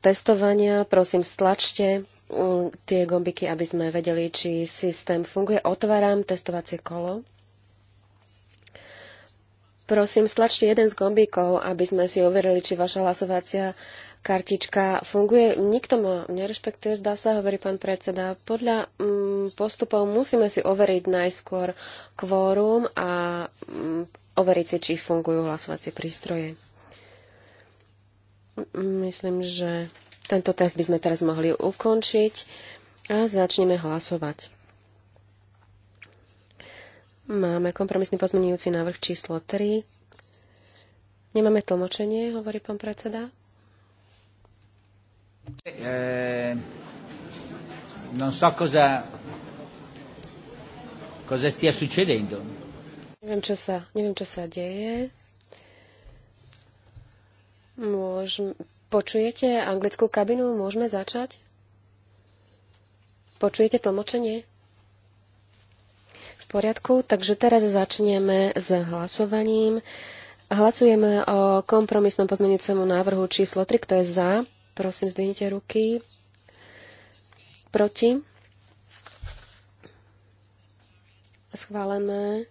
testovania. Prosím, stlačte tie gombiky, aby sme vedeli, či systém funguje. Otváram testovacie kolo. Prosím, stlačte jeden z gombíkov, aby sme si overili, či vaša hlasovacia kartička funguje. Nikto ma nerešpektuje, zdá sa, hovorí pán predseda. Podľa mm, postupov musíme si overiť najskôr kvórum a mm, overiť si, či fungujú hlasovacie prístroje. Myslím, že tento test by sme teraz mohli ukončiť a začneme hlasovať. Máme kompromisný pozmenujúci návrh číslo 3. Nemáme tlmočenie, hovorí pán predseda. Eh, non so cosa, cosa stia succedendo. Neviem, čo sa, neviem, čo sa deje. Môžem, počujete anglickú kabinu? Môžeme začať? Počujete tlmočenie? V poriadku, takže teraz začneme s hlasovaním. Hlasujeme o kompromisnom pozmeňujúcemu návrhu číslo 3, kto je za. Prosím, zdvihnite ruky. Proti. Schválené.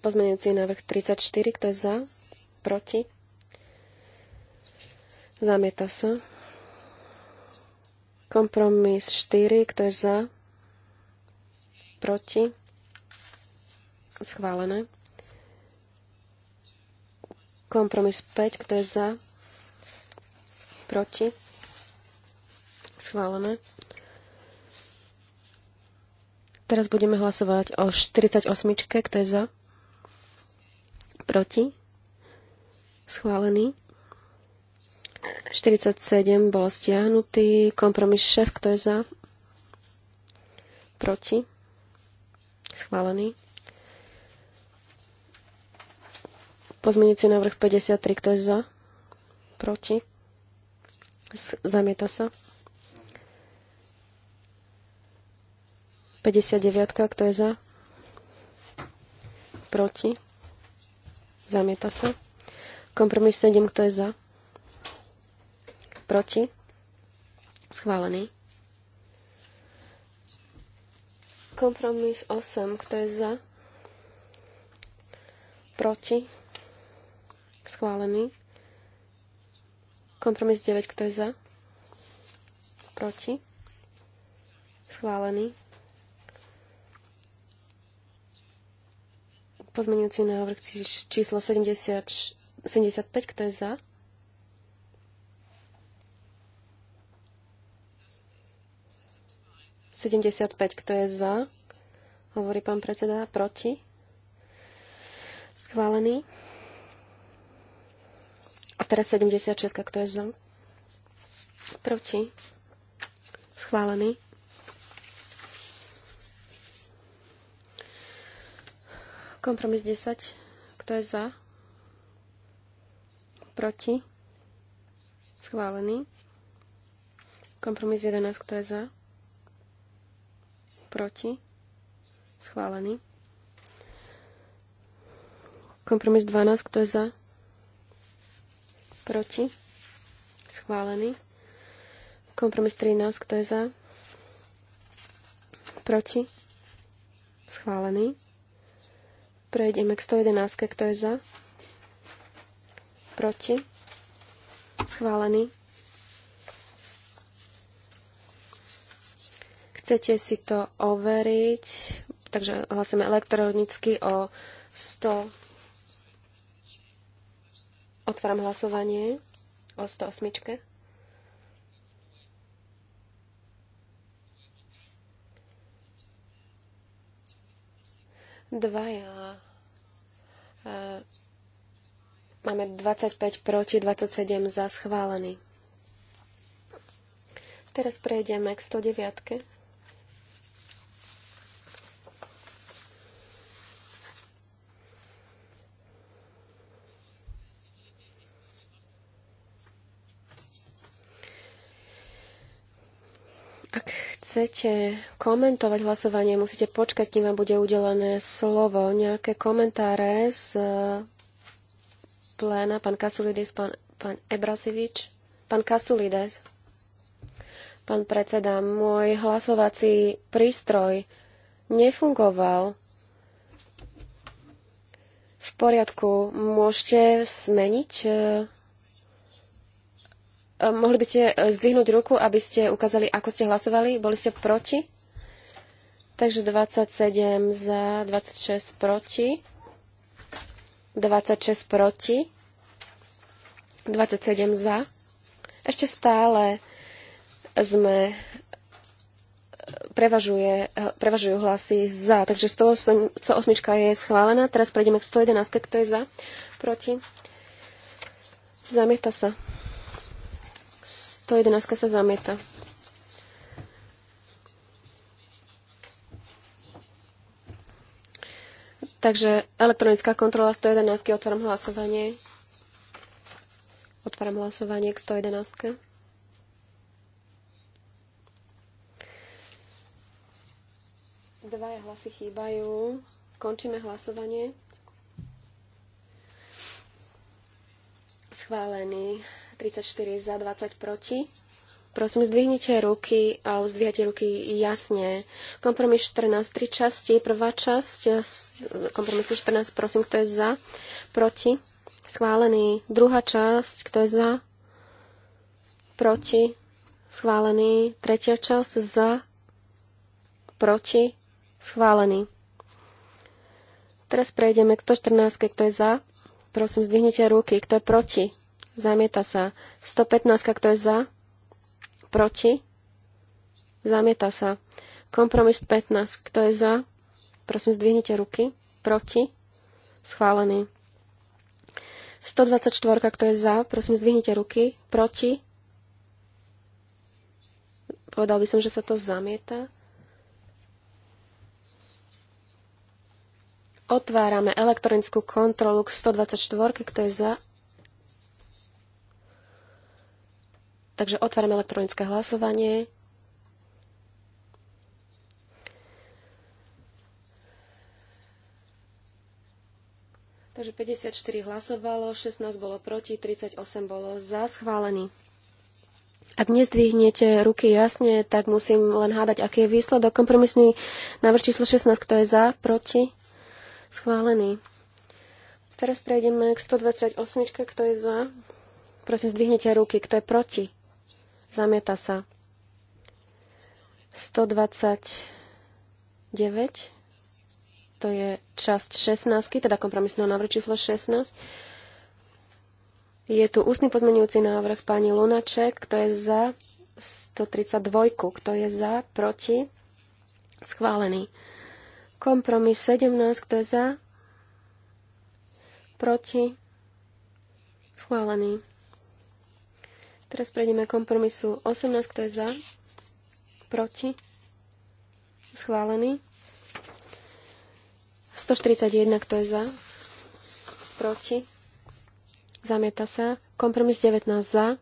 Pozmeňujúci návrh 34, kto je za? proti, zamieta sa. Kompromis 4, kto je za, proti, schválené. Kompromis 5, kto je za, proti, schválené. Teraz budeme hlasovať o 48, kto je za, proti, Schválený. 47 bolo stiahnutý. Kompromis 6, kto je za? Proti? Schválený. Pozmeňujúci návrh 53, kto je za? Proti? zamieta sa. 59, kto je za? Proti? Zamieta sa. Kompromis 7, kto je za? Proti? Schválený. Kompromis 8, kto je za? Proti? Schválený. Kompromis 9, kto je za? Proti? Schválený. Pozmenujúci návrh číslo 74 75, kto je za? 75, kto je za? Hovorí pán predseda, proti? Schválený. A teraz 76, kto je za? Proti? Schválený. Kompromis 10, kto je za? proti, schválený. Kompromis 11, kto je za, proti, schválený. Kompromis 12, kto je za, proti, schválený. Kompromis 13, kto je za, proti, schválený. Prejdeme k 111, kto je za, proti, schválený. Chcete si to overiť, takže hlasujeme elektronicky o 100. Otváram hlasovanie o 108. Dvaja e, Máme 25 proti, 27 za schválený. Teraz prejdeme k 109. Ak chcete komentovať hlasovanie, musíte počkať, kým vám bude udelené slovo. Nejaké komentáre z pléna, pan Kasulides, pán, pán Ebrasivič, pán Kasulides, pán predseda, môj hlasovací prístroj nefungoval. V poriadku, môžete zmeniť? E, e, mohli by ste zdvihnúť ruku, aby ste ukázali, ako ste hlasovali? Boli ste proti? Takže 27 za, 26 proti. 26 proti. 27 za. Ešte stále sme eh, prevažuje, eh, prevažujú hlasy za. Takže 108, 108 je schválená. Teraz prejdeme k 111. Kto je za? Proti? Zamieta sa. 111 sa zamieta. Takže elektronická kontrola 111. Otváram hlasovanie. Otváram hlasovanie k 111. Dvaja hlasy chýbajú. Končíme hlasovanie. Schválený 34 za 20 proti. Prosím, zdvihnite ruky a zdvíhate ruky jasne. Kompromis 14, tri časti. Prvá časť kompromisu 14, prosím, kto je za, proti Schválený. Druhá časť, kto je za? Proti. Schválený. Tretia časť, za? Proti. Schválený. Teraz prejdeme k 114, kto je za? Prosím, zdvihnite ruky. Kto je proti? Zamieta sa. 115, kto je za? Proti? Zamieta sa. Kompromis 15, kto je za? Prosím, zdvihnite ruky. Proti? Schválený. 124, kto je za, prosím, zdvihnite ruky. Proti? Povedal by som, že sa to zamieta. Otvárame elektronickú kontrolu k 124, kto je za. Takže otvárame elektronické hlasovanie. Takže 54 hlasovalo, 16 bolo proti, 38 bolo za schválený. Ak nezdvihnete ruky jasne, tak musím len hádať, aký je výsledok. Kompromisný návrh číslo 16, kto je za, proti, schválený. Teraz prejdeme k 128, kto je za. Prosím, zdvihnete ruky, kto je proti. Zamieta sa. 129 to je časť 16, teda kompromisného návrhu číslo 16. Je tu ústny pozmenujúci návrh pani Lunaček, kto je za 132, kto je za, proti, schválený. Kompromis 17, kto je za, proti, schválený. Teraz prejdeme kompromisu 18, kto je za, proti, schválený. 141, kto je za? Proti? Zamieta sa. Kompromis 19 za.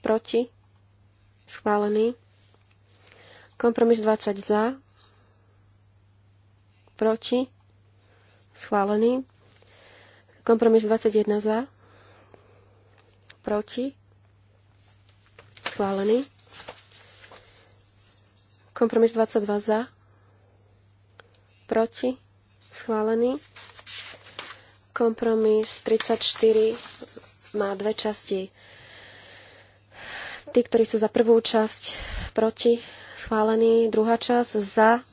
Proti? Schválený. Kompromis 20 za. Proti? Schválený. Kompromis 21 za. Proti? Schválený. Kompromis 22 za proti, schválený. Kompromis 34 má dve časti. Tí, ktorí sú za prvú časť, proti, schválený. Druhá časť, za,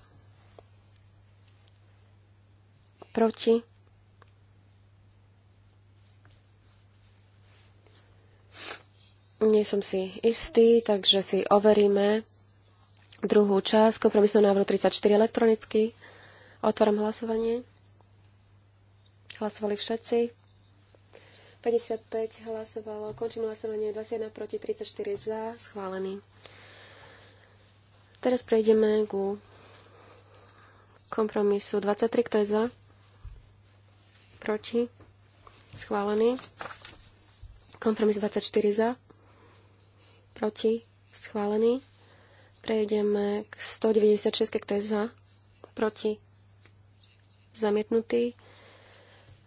proti. Nie som si istý, takže si overíme druhú časť kompromisného návrhu 34 elektronicky. Otváram hlasovanie. Hlasovali všetci. 55 hlasovalo. Končím hlasovanie 21 proti 34 za. Schválený. Teraz prejdeme ku kompromisu 23. Kto je za? Proti? Schválený. Kompromis 24 za. Proti? Schválený. Prejdeme k 196. Kto je za? Proti? zamietnutý.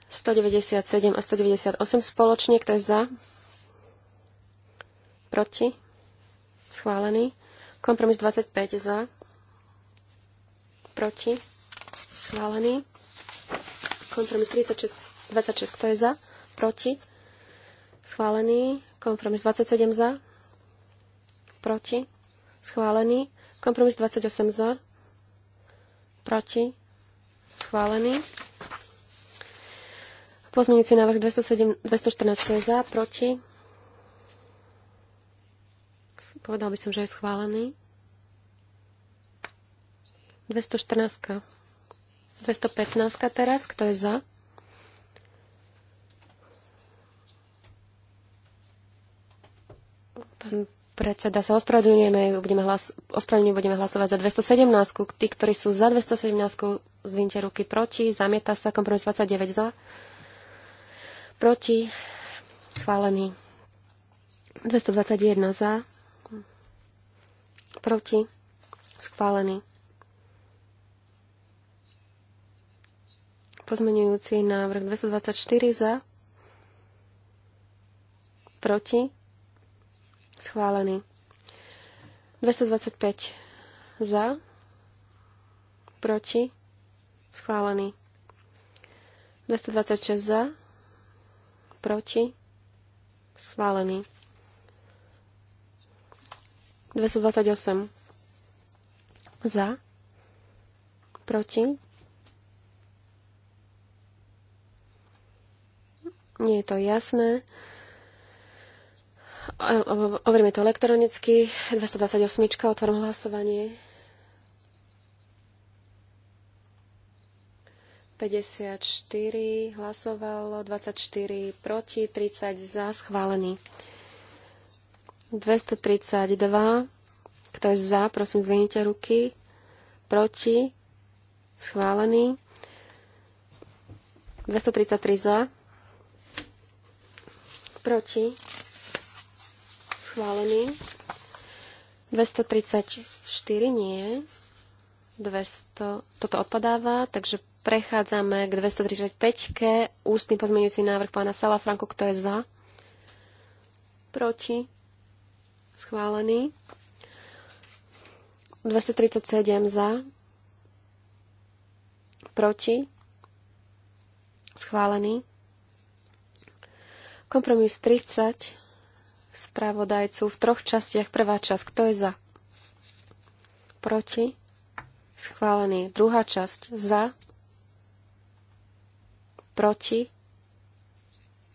197 a 198 spoločne, kto je za? Proti? Schválený. Kompromis 25 za. Proti? Schválený. Kompromis 36, 26, kto je za? Proti? Schválený. Kompromis 27 za. Proti? Schválený. Kompromis 28 za. Proti? Schválený. Pozmeňujúci návrh 207, 214 je za, proti. Povedal by som, že je schválený. 214. 215 teraz, kto je za? Pán Predseda sa ospravedlňujeme, budeme, hlas, ospravedlňujeme, budeme hlasovať za 217. Tí, ktorí sú za 217, zvinte ruky proti. Zamieta sa kompromis 29 za. Proti. Schválený. 221 za. Proti. Schválený. Pozmenujúci návrh 224 za. Proti. Schválený. 225 za. Proti. Schválený. 226 za. Proti. Schválený. 228 za. Proti. Nie je to jasné. Overíme to elektronicky. 228. Otváram hlasovanie. 54 hlasovalo, 24 proti, 30 za, schválený. 232. Kto je za, prosím, zvinite ruky. Proti, schválený. 233 za, proti, schválený. 234 nie. 200, toto odpadáva, takže prechádzame k 235-ke. Ústny pozmeňujúci návrh pána Salafranku, kto je za? Proti? Schválený. 237 za. Proti? Schválený. Kompromis 30 spravodajcu v troch častiach. Prvá časť, kto je za? Proti? Schválený. Druhá časť, za? Proti?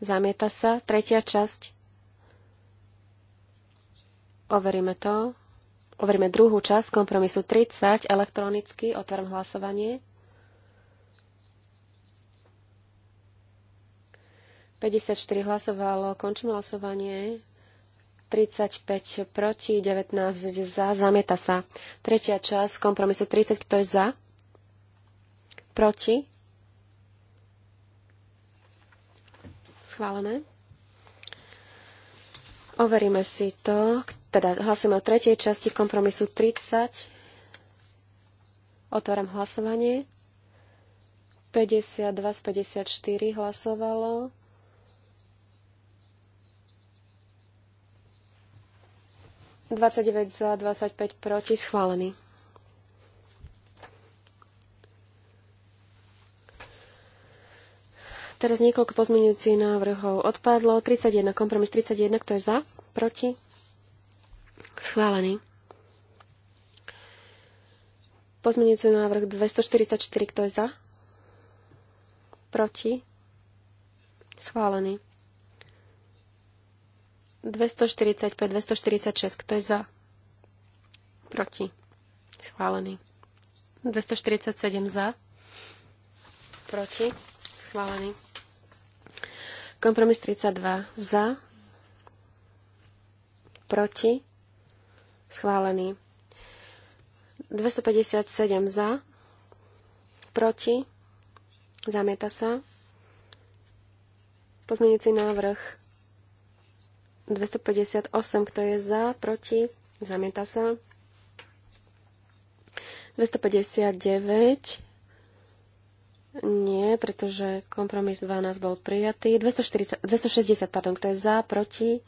Zamieta sa. Tretia časť. Overíme to. Overíme druhú časť kompromisu 30 elektronicky. Otvorím hlasovanie. 54 hlasovalo. Končím hlasovanie. 35 proti, 19 za, zamieta sa. Tretia časť kompromisu 30, kto je za? Proti? Schválené. Overíme si to, teda hlasujeme o tretej časti kompromisu 30. Otváram hlasovanie. 52 z 54 hlasovalo. 29 za, 25 proti, schválený. Teraz niekoľko pozmeňujúcich návrhov odpadlo. 31, kompromis 31, kto je za, proti, schválený. Pozmeňujúci návrh 244, kto je za? Proti? Schválený. 245, 246. Kto je za? Proti. Schválený. 247 za. Proti. Schválený. Kompromis 32 za. Proti. Schválený. 257 za. Proti. Zamieta sa. Pozmeňujúci návrh 258, kto je za, proti, zamieta sa. 259, nie, pretože kompromis 12 bol prijatý. 240, 260, pardon, kto je za, proti,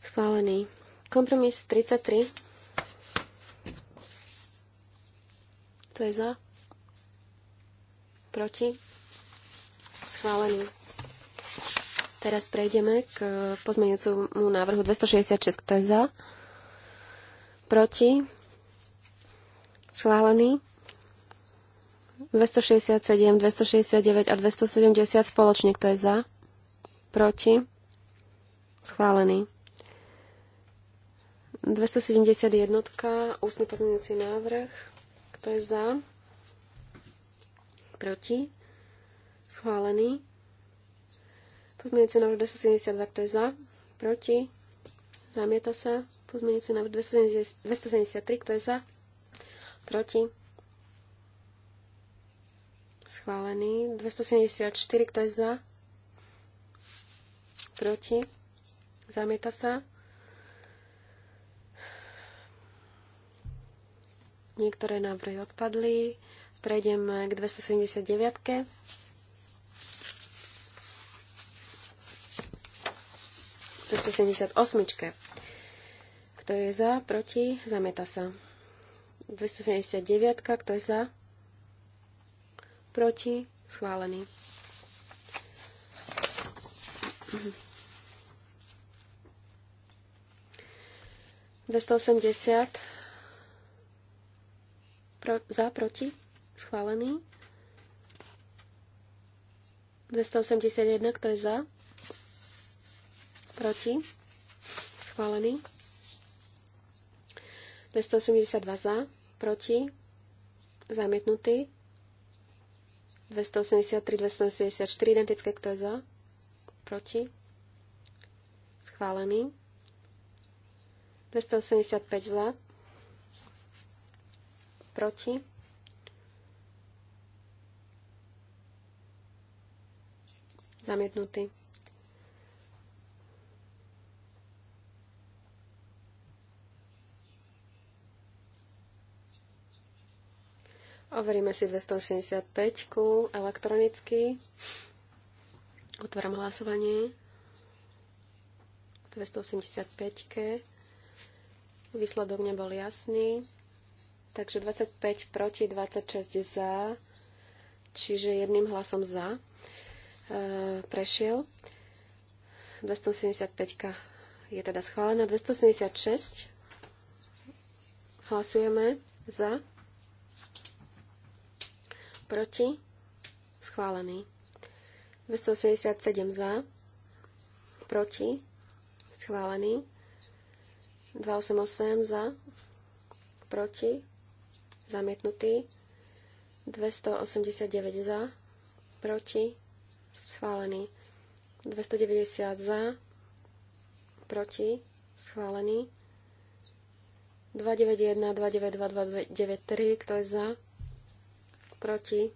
schválený. Kompromis 33, kto je za, proti, schválený. Teraz prejdeme k pozmeňujúcemu návrhu 266. Kto je za? Proti? Schválený? 267, 269 a 270 spoločne. Kto je za? Proti? Schválený. 271. Ústny pozmeňujúci návrh. Kto je za? Proti? Schválený. Pozmeňujúci návrh 272, kto je za? Proti? Zamieta sa. Pozmeňujúci návrh 273, kto je za? Proti? Schválený. 274, kto je za? Proti? Zamieta sa. Niektoré návrhy odpadli. Prejdeme k 279. 278. Kto je za, proti, zameta sa. 279. Kto je za, proti, schválený. Mhm. 280 pro, za, proti, schválený. 281, kto je za, proti, schválený. 282 za, proti, zamietnutý. 283, 274, identické, kto je za, proti, schválený. 285 za, proti, zamietnutý. Overíme si 285 elektronicky. Otváram hlasovanie. 285 -ke. Výsledok nebol jasný. Takže 25 proti, 26 za. Čiže jedným hlasom za e, prešiel. 275 je teda schválená. 276 hlasujeme za proti, schválený. 287 za, proti, schválený. 288 za, proti, zamietnutý. 289 za, proti, schválený. 290 za, proti, schválený. 291, 292, 293, kto je za, proti,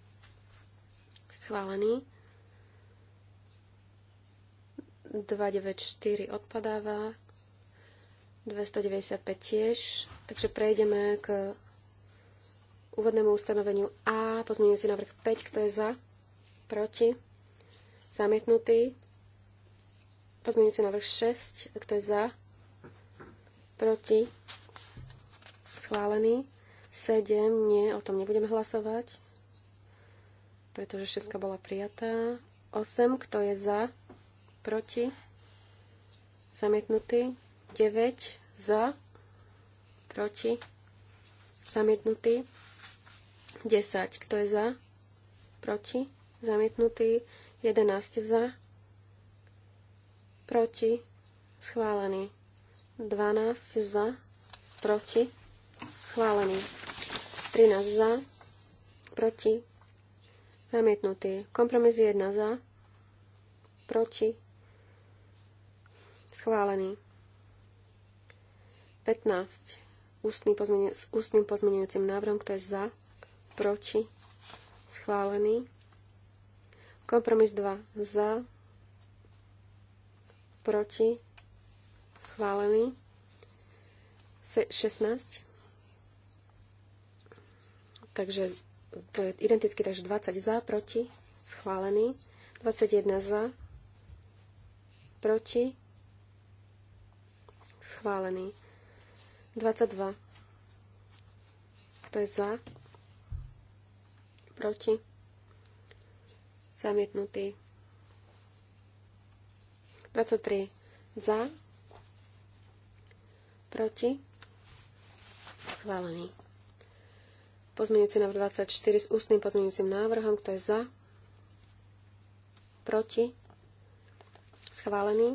schválený. 294 odpadáva, 295 tiež, takže prejdeme k úvodnému ustanoveniu A, pozmeňujúci návrh 5, kto je za, proti, zamietnutý, pozmeňujúci návrh 6, kto je za, proti, schválený, 7, nie, o tom nebudeme hlasovať, pretože 6 bola prijatá. 8, kto je za, proti, zamietnutý. 9, za, proti, zamietnutý. 10, kto je za, proti, zamietnutý. 11 za, proti, schválený. 12 za, proti, schválený. 13 za, proti, Zamietnutý. Kompromis 1 za. Proti. Schválený. 15. Ústny pozmeniu, s ústnym pozmenujúcim návrhom, kto je za. Proti. Schválený. Kompromis 2 za. Proti. Schválený. 16. Takže to je identicky, takže 20 za, proti, schválený. 21 za, proti, schválený. 22. Kto je za? Proti? Zamietnutý. 23. Za? Proti? Schválený. Pozmeňujúci návrh 24 s ústnym pozmeňujúcim návrhom. Kto je za? Proti? Schválený.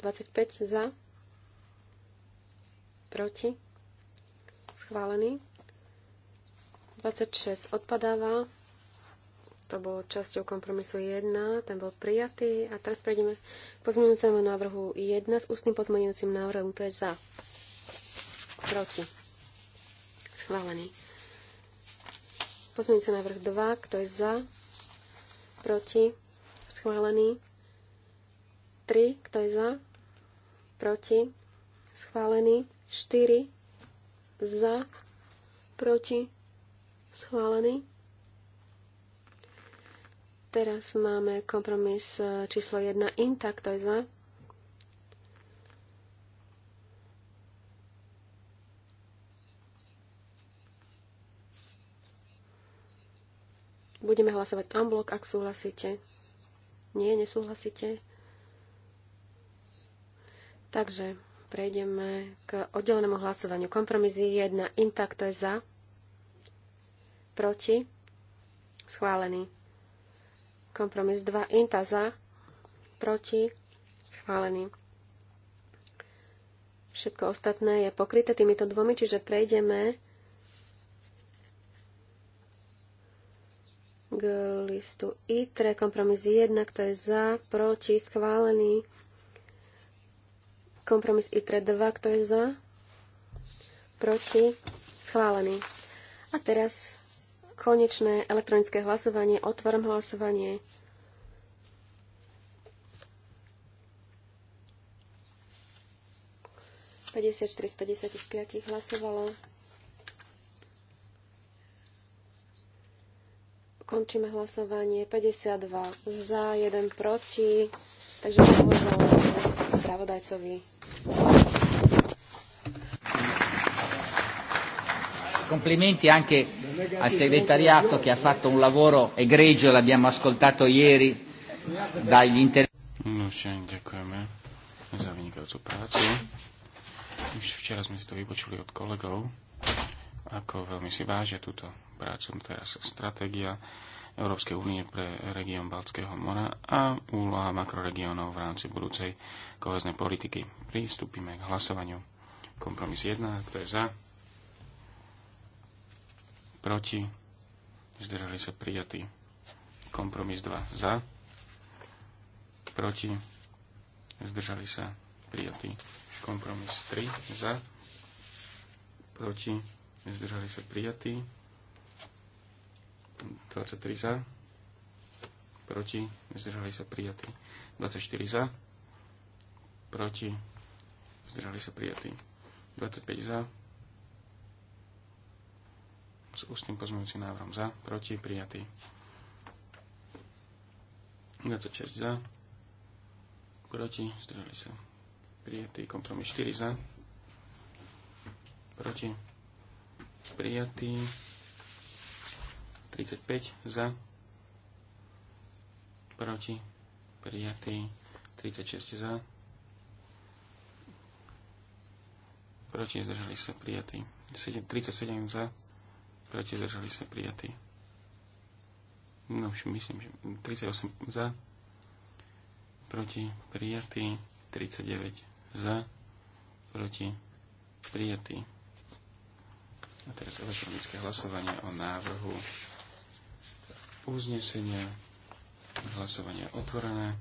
25 za. Proti? Schválený. 26 odpadáva. To bolo časťou kompromisu 1, ten bol prijatý. A teraz prejdeme k pozmeňujúcemu návrhu 1 s ústnym pozmeňujúcim návrhom, kto je za. Proti. Schválený. Pozmeňujúci návrh 2, kto je za, proti, schválený. 3, kto je za, proti, schválený. 4, za, proti, schválený. Teraz máme kompromis eh, číslo 1, inta, kto je za, Budeme hlasovať unblock, ak súhlasíte. Nie, nesúhlasíte. Takže prejdeme k oddelenému hlasovaniu. Kompromis 1. Intak, to je za. Proti. Schválený. Kompromis 2. Inta za. Proti. Schválený. Všetko ostatné je pokryté týmito dvomi, čiže prejdeme k listu ITRE. Kompromis 1, kto je za, proti, schválený. Kompromis ITRE 2, kto je za, proti, schválený. A teraz konečné elektronické hlasovanie. Otvorím hlasovanie. Päťdesiatštyri z 55 hlasovalo. Končíme hlasovanie. 52 za, 1 proti. Takže blahoželám spravodajcovi. Complimenti anche al segretariato che ha fatto un lavoro egregio, l'abbiamo ascoltato ieri dagli interventi. No, Už včera sme si to vypočuli od kolegov, ako veľmi si vážia túto prácu teraz stratégia Európskej únie pre región Baltského mora a úloha makroregiónov v rámci budúcej koheznej politiky. Pristúpime k hlasovaniu. Kompromis 1, kto je za? Proti? Zdržali sa prijatí. Kompromis 2, za? Proti? Zdržali sa prijatí. Kompromis 3, za? Proti? Zdržali sa prijatí 23 za, proti, zdržali sa prijatí. 24 za, proti, zdržali sa prijatí. 25 za, s ústnym pozmeňujúcim návrhom za, proti, prijatí, 26 za, proti, zdržali sa prijatý. Kompromis 4 za, proti, prijatý. 35 za, proti, prijatý, 36 za, proti, zdržali sa, prijatý, 37 za, proti, zdržali sa, prijatý. No už myslím, že 38 za, proti, prijatý, 39 za, proti, prijatý. A teraz elektronické hlasovanie o návrhu uznesenia. Hlasovanie otvorené.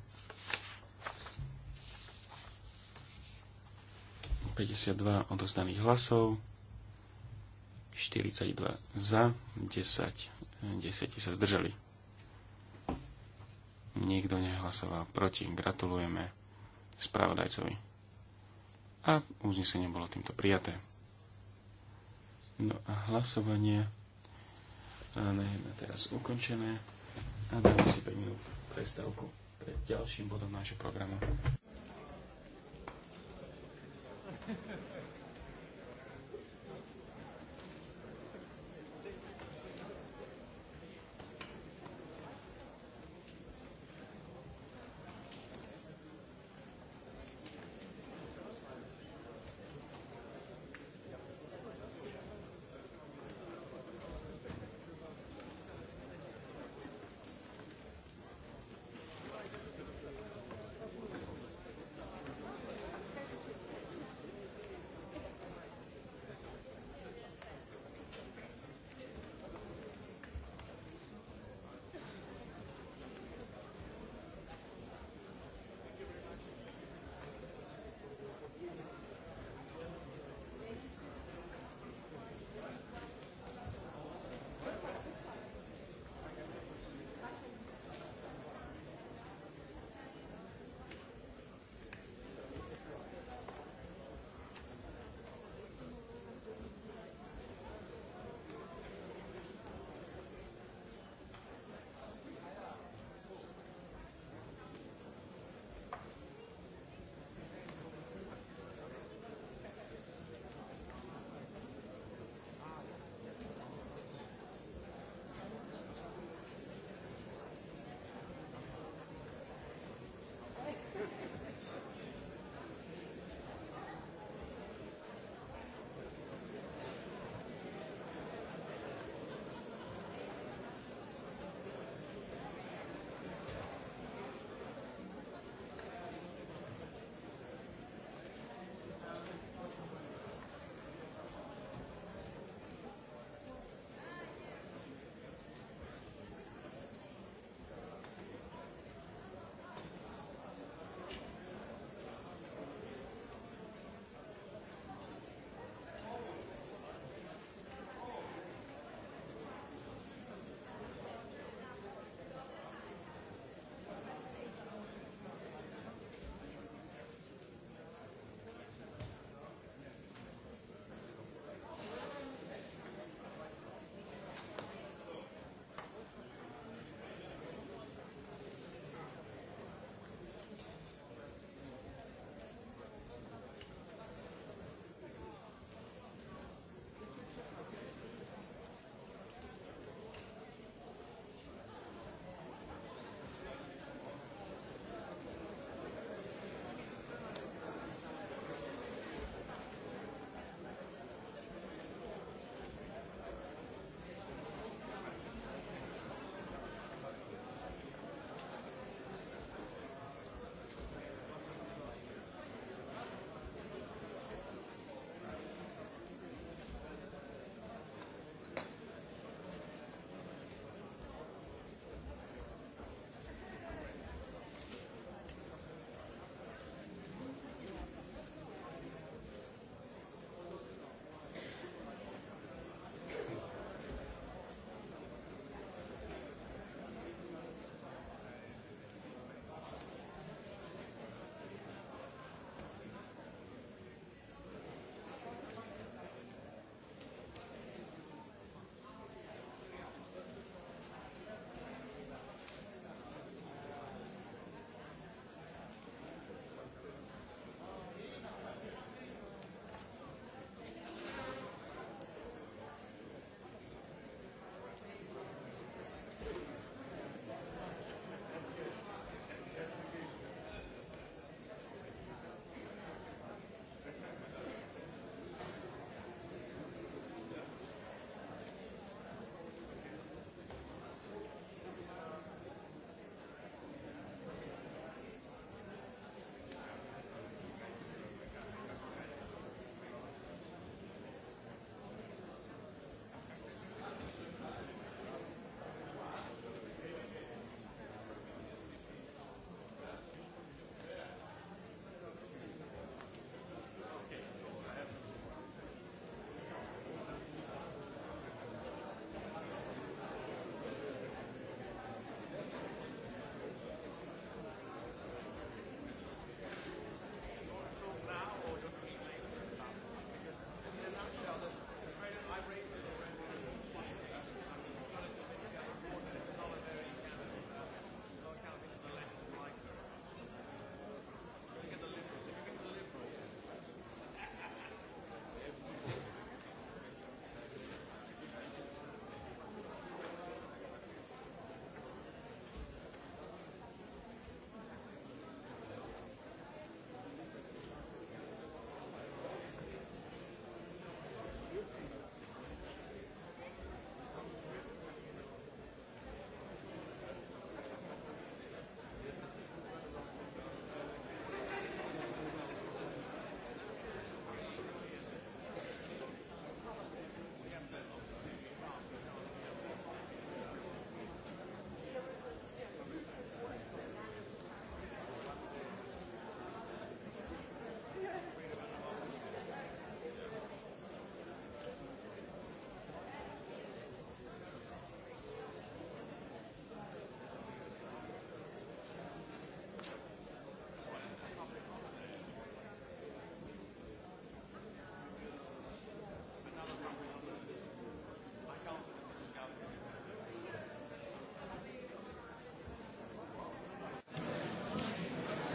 52 odozdaných hlasov. 42 za, 10, 10 sa zdržali. Nikto nehlasoval proti. Gratulujeme spravodajcovi. A uznesenie bolo týmto prijaté. No a hlasovanie Amen. A teraz ukončené a dáme si 5 minút prestávku pred ďalším bodom nášho programu. Thank you.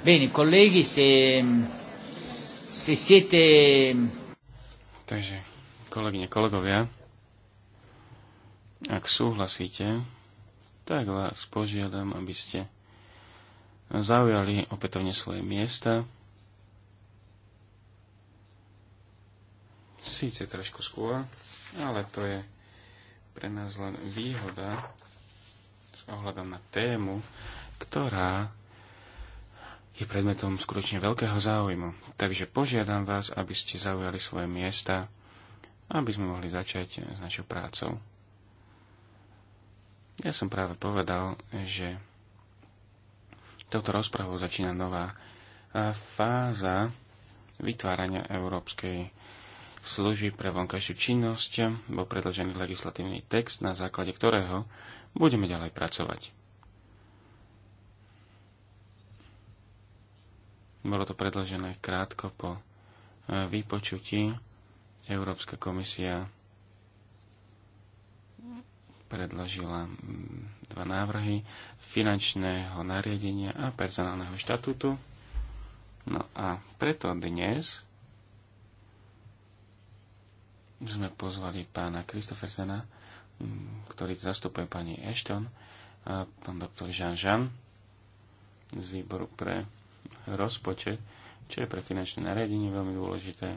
Bene, colleghi, se, se siete... Takže, kolegyne, kolegovia, ak súhlasíte, tak vás požiadam, aby ste zaujali opätovne svoje miesta. Sice trošku skôr, ale to je pre nás len výhoda s ohľadom na tému, ktorá je predmetom skutočne veľkého záujmu. Takže požiadam vás, aby ste zaujali svoje miesta, aby sme mohli začať s našou prácou. Ja som práve povedal, že touto rozprávou začína nová fáza vytvárania Európskej služby pre vonkajšiu činnosť bol predložený legislatívny text, na základe ktorého budeme ďalej pracovať. Bolo to predložené krátko po e, vypočutí. Európska komisia predložila dva návrhy finančného nariadenia a personálneho štatútu. No a preto dnes sme pozvali pána Kristofersena, ktorý zastupuje pani Ashton, a pán doktor Jean Jean z výboru pre rozpočet, čo je pre finančné nariadenie veľmi dôležité.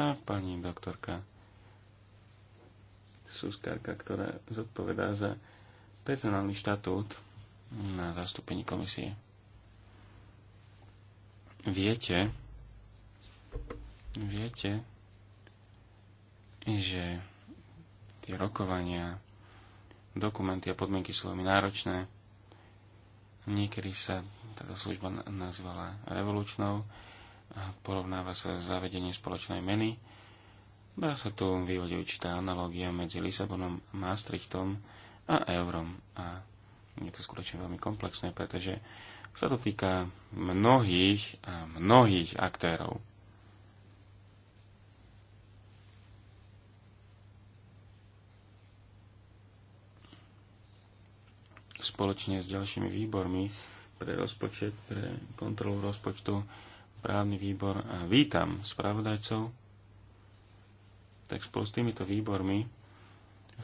A pani doktorka Suskárka, ktorá zodpovedá za personálny štatút na zastúpení komisie. Viete, viete, že tie rokovania, dokumenty a podmienky sú veľmi náročné Niekedy sa táto služba nazvala revolučnou a porovnáva sa zavedenie spoločnej meny. Dá sa tu vyvodiť určitá analogia medzi Lisabonom, Maastrichtom a eurom. A je to skutočne veľmi komplexné, pretože sa to týka mnohých a mnohých aktérov. spoločne s ďalšími výbormi pre rozpočet, pre kontrolu rozpočtu, právny výbor a vítam spravodajcov, tak spolu s týmito výbormi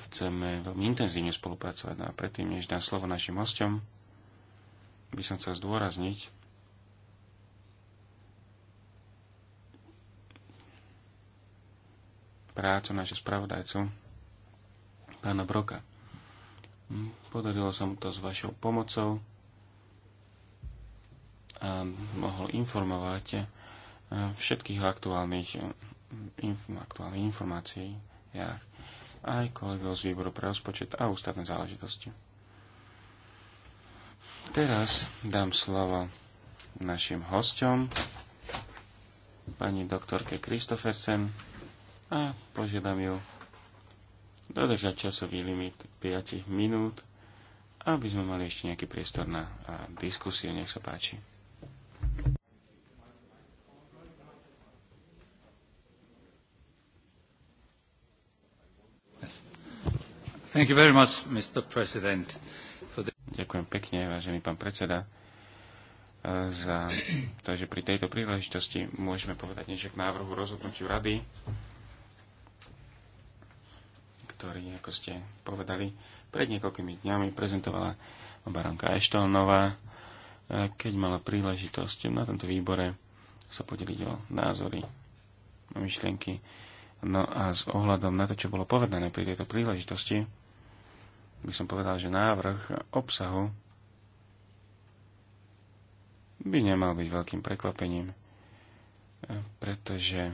chceme veľmi intenzívne spolupracovať. No a predtým, než dám slovo našim hostom, by som chcel zdôrazniť, prácu našho spravodajcu, pána Broka. Podarilo sa mu to s vašou pomocou a mohol informovať eh, všetkých aktuálnych, eh, inf- aktuálnych informácií ja aj kolegov z výboru pre rozpočet a ústavné záležitosti. Teraz dám slovo našim hosťom, pani doktorke Kristofersen a požiadam ju, dodržať časový limit 5 minút, aby sme mali ešte nejaký priestor na diskusiu. Nech sa páči. Much, the... Ďakujem pekne, vážený pán predseda, za to, že pri tejto príležitosti môžeme povedať niečo k návrhu rozhodnutiu rady ktorý, ako ste povedali, pred niekoľkými dňami prezentovala baronka Eštolnová, keď mala príležitosť na tomto výbore sa podeliť o názory, o myšlienky. No a s ohľadom na to, čo bolo povedané pri tejto príležitosti, by som povedal, že návrh obsahu by nemal byť veľkým prekvapením, pretože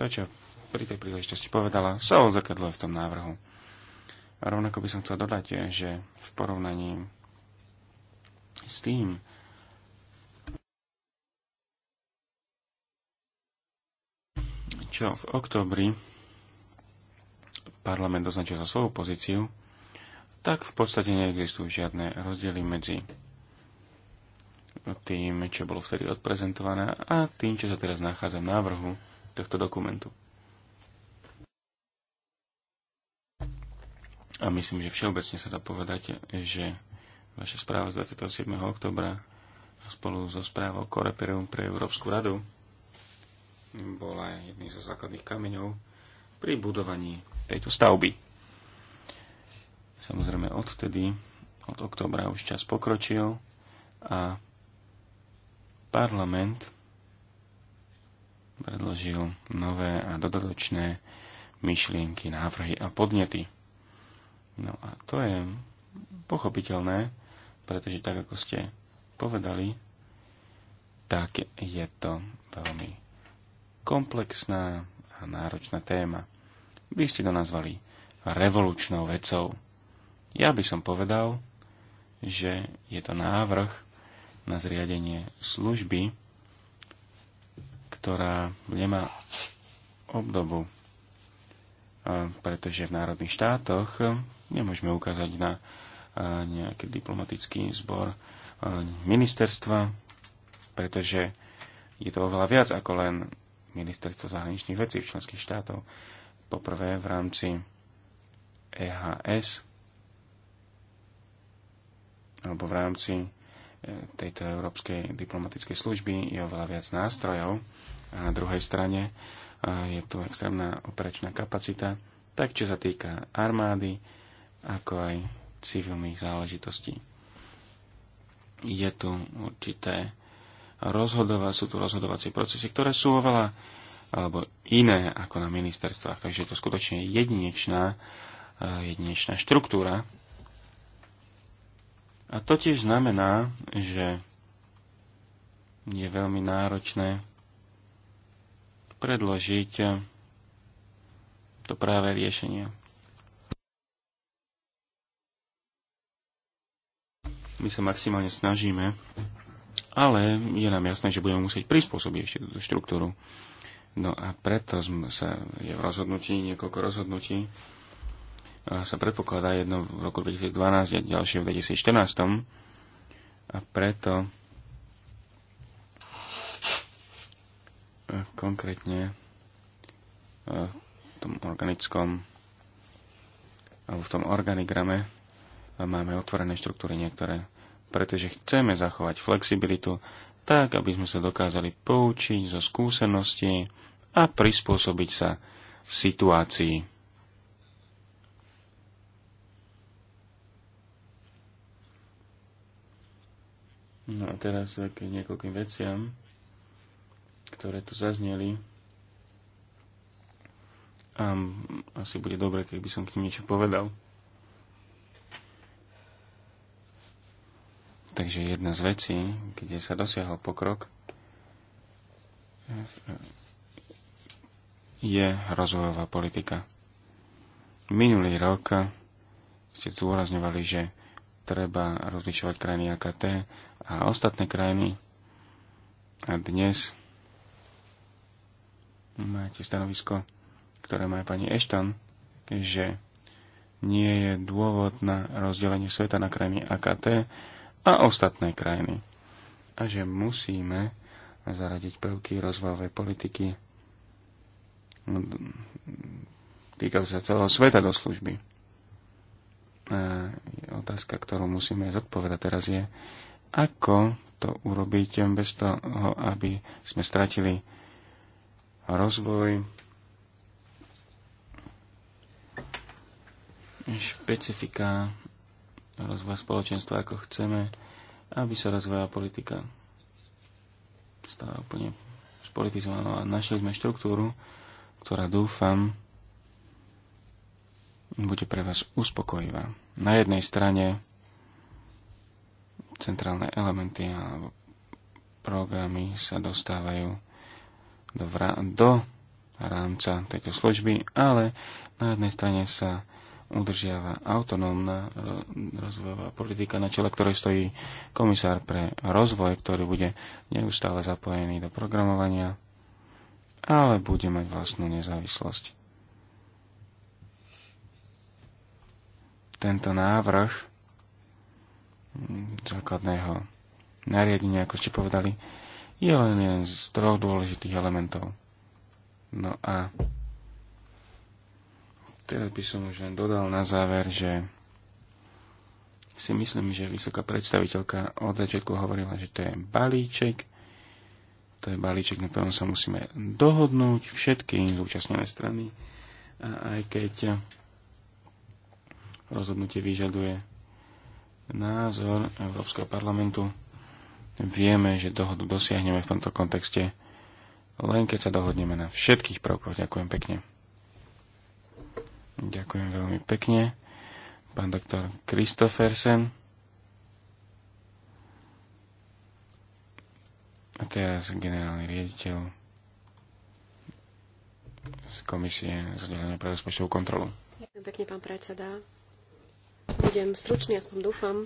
to, čo pri tej príležitosti povedala, sa odzrkadluje v tom návrhu. A rovnako by som chcel dodať, že v porovnaní s tým, čo v oktobri parlament označil za svoju pozíciu, tak v podstate neexistujú žiadne rozdiely medzi tým, čo bolo vtedy odprezentované a tým, čo sa teraz nachádza v návrhu tohto dokumentu. A myslím, že všeobecne sa dá povedať, že vaša správa z 27. oktobra spolu so správou Koreperium pre Európsku radu bola jedným zo základných kameňov pri budovaní tejto stavby. Samozrejme odtedy, od oktobra už čas pokročil a parlament predložil nové a dodatočné myšlienky, návrhy a podnety No a to je pochopiteľné, pretože tak, ako ste povedali, tak je to veľmi komplexná a náročná téma. Vy ste to nazvali revolučnou vecou. Ja by som povedal, že je to návrh na zriadenie služby, ktorá nemá obdobu pretože v národných štátoch e, nemôžeme ukázať na e, nejaký diplomatický zbor e, ministerstva, pretože je to oveľa viac ako len ministerstvo zahraničných vecí v členských štátov. Poprvé v rámci EHS alebo v rámci tejto európskej diplomatickej služby je oveľa viac nástrojov a na druhej strane je tu extrémna operačná kapacita, tak čo sa týka armády, ako aj civilných záležitostí. Je tu určité rozhodova, sú tu rozhodovacie procesy, ktoré sú oveľa alebo iné ako na ministerstvách. Takže je to skutočne jedinečná, eh, jedinečná štruktúra. A to tiež znamená, že je veľmi náročné predložiť eh, to práve riešenie. My sa maximálne snažíme, ale je nám jasné, že budeme musieť prispôsobiť ešte túto štruktúru. No a preto sme sa je v rozhodnutí, niekoľko rozhodnutí, a sa predpokladá jedno v roku 2012 a ďalšie v 2014. A preto E, konkrétne e, v tom organickom alebo v tom organigrame e, máme otvorené štruktúry niektoré, pretože chceme zachovať flexibilitu tak, aby sme sa dokázali poučiť zo skúseností a prispôsobiť sa situácii. No a teraz k niekoľkým veciam ktoré tu zazneli. A asi bude dobre, keď by som k nim niečo povedal. Takže jedna z vecí, kde sa dosiahol pokrok, je rozvojová politika. Minulý rok ste zúrazňovali, že treba rozlišovať krajiny AKT a ostatné krajiny. A dnes máte stanovisko, ktoré má pani Ešton, že nie je dôvod na rozdelenie sveta na krajiny AKT a ostatné krajiny. A že musíme zaradiť prvky rozvojovej politiky no, týkajú sa celého sveta do služby. A otázka, ktorú musíme zodpovedať teraz je, ako to urobiť bez toho, aby sme stratili rozvoj špecifika rozvoja spoločenstva, ako chceme, aby sa rozvoja politika stala úplne spolitizovanou a našli sme štruktúru, ktorá dúfam bude pre vás uspokojivá. Na jednej strane centrálne elementy alebo programy sa dostávajú do, do rámca tejto služby, ale na jednej strane sa udržiava autonómna rozvojová politika, na čele ktorej stojí komisár pre rozvoj, ktorý bude neustále zapojený do programovania, ale bude mať vlastnú nezávislosť. Tento návrh základného nariadenia, ako ste povedali, je len jeden z troch dôležitých elementov. No a teraz by som už len dodal na záver, že si myslím, že vysoká predstaviteľka od začiatku hovorila, že to je balíček, to je balíček, na ktorom sa musíme dohodnúť všetky zúčastnené strany, a aj keď rozhodnutie vyžaduje názor Európskeho parlamentu, Vieme, že dohodu dosiahneme v tomto kontexte len keď sa dohodneme na všetkých prvkoch. Ďakujem pekne. Ďakujem veľmi pekne. Pán doktor Kristofersen. A teraz generálny riaditeľ z komisie zdelenia pre rozpočtovú kontrolu. Ďakujem pekne, pán predseda. Budem stručný, aspoň dúfam.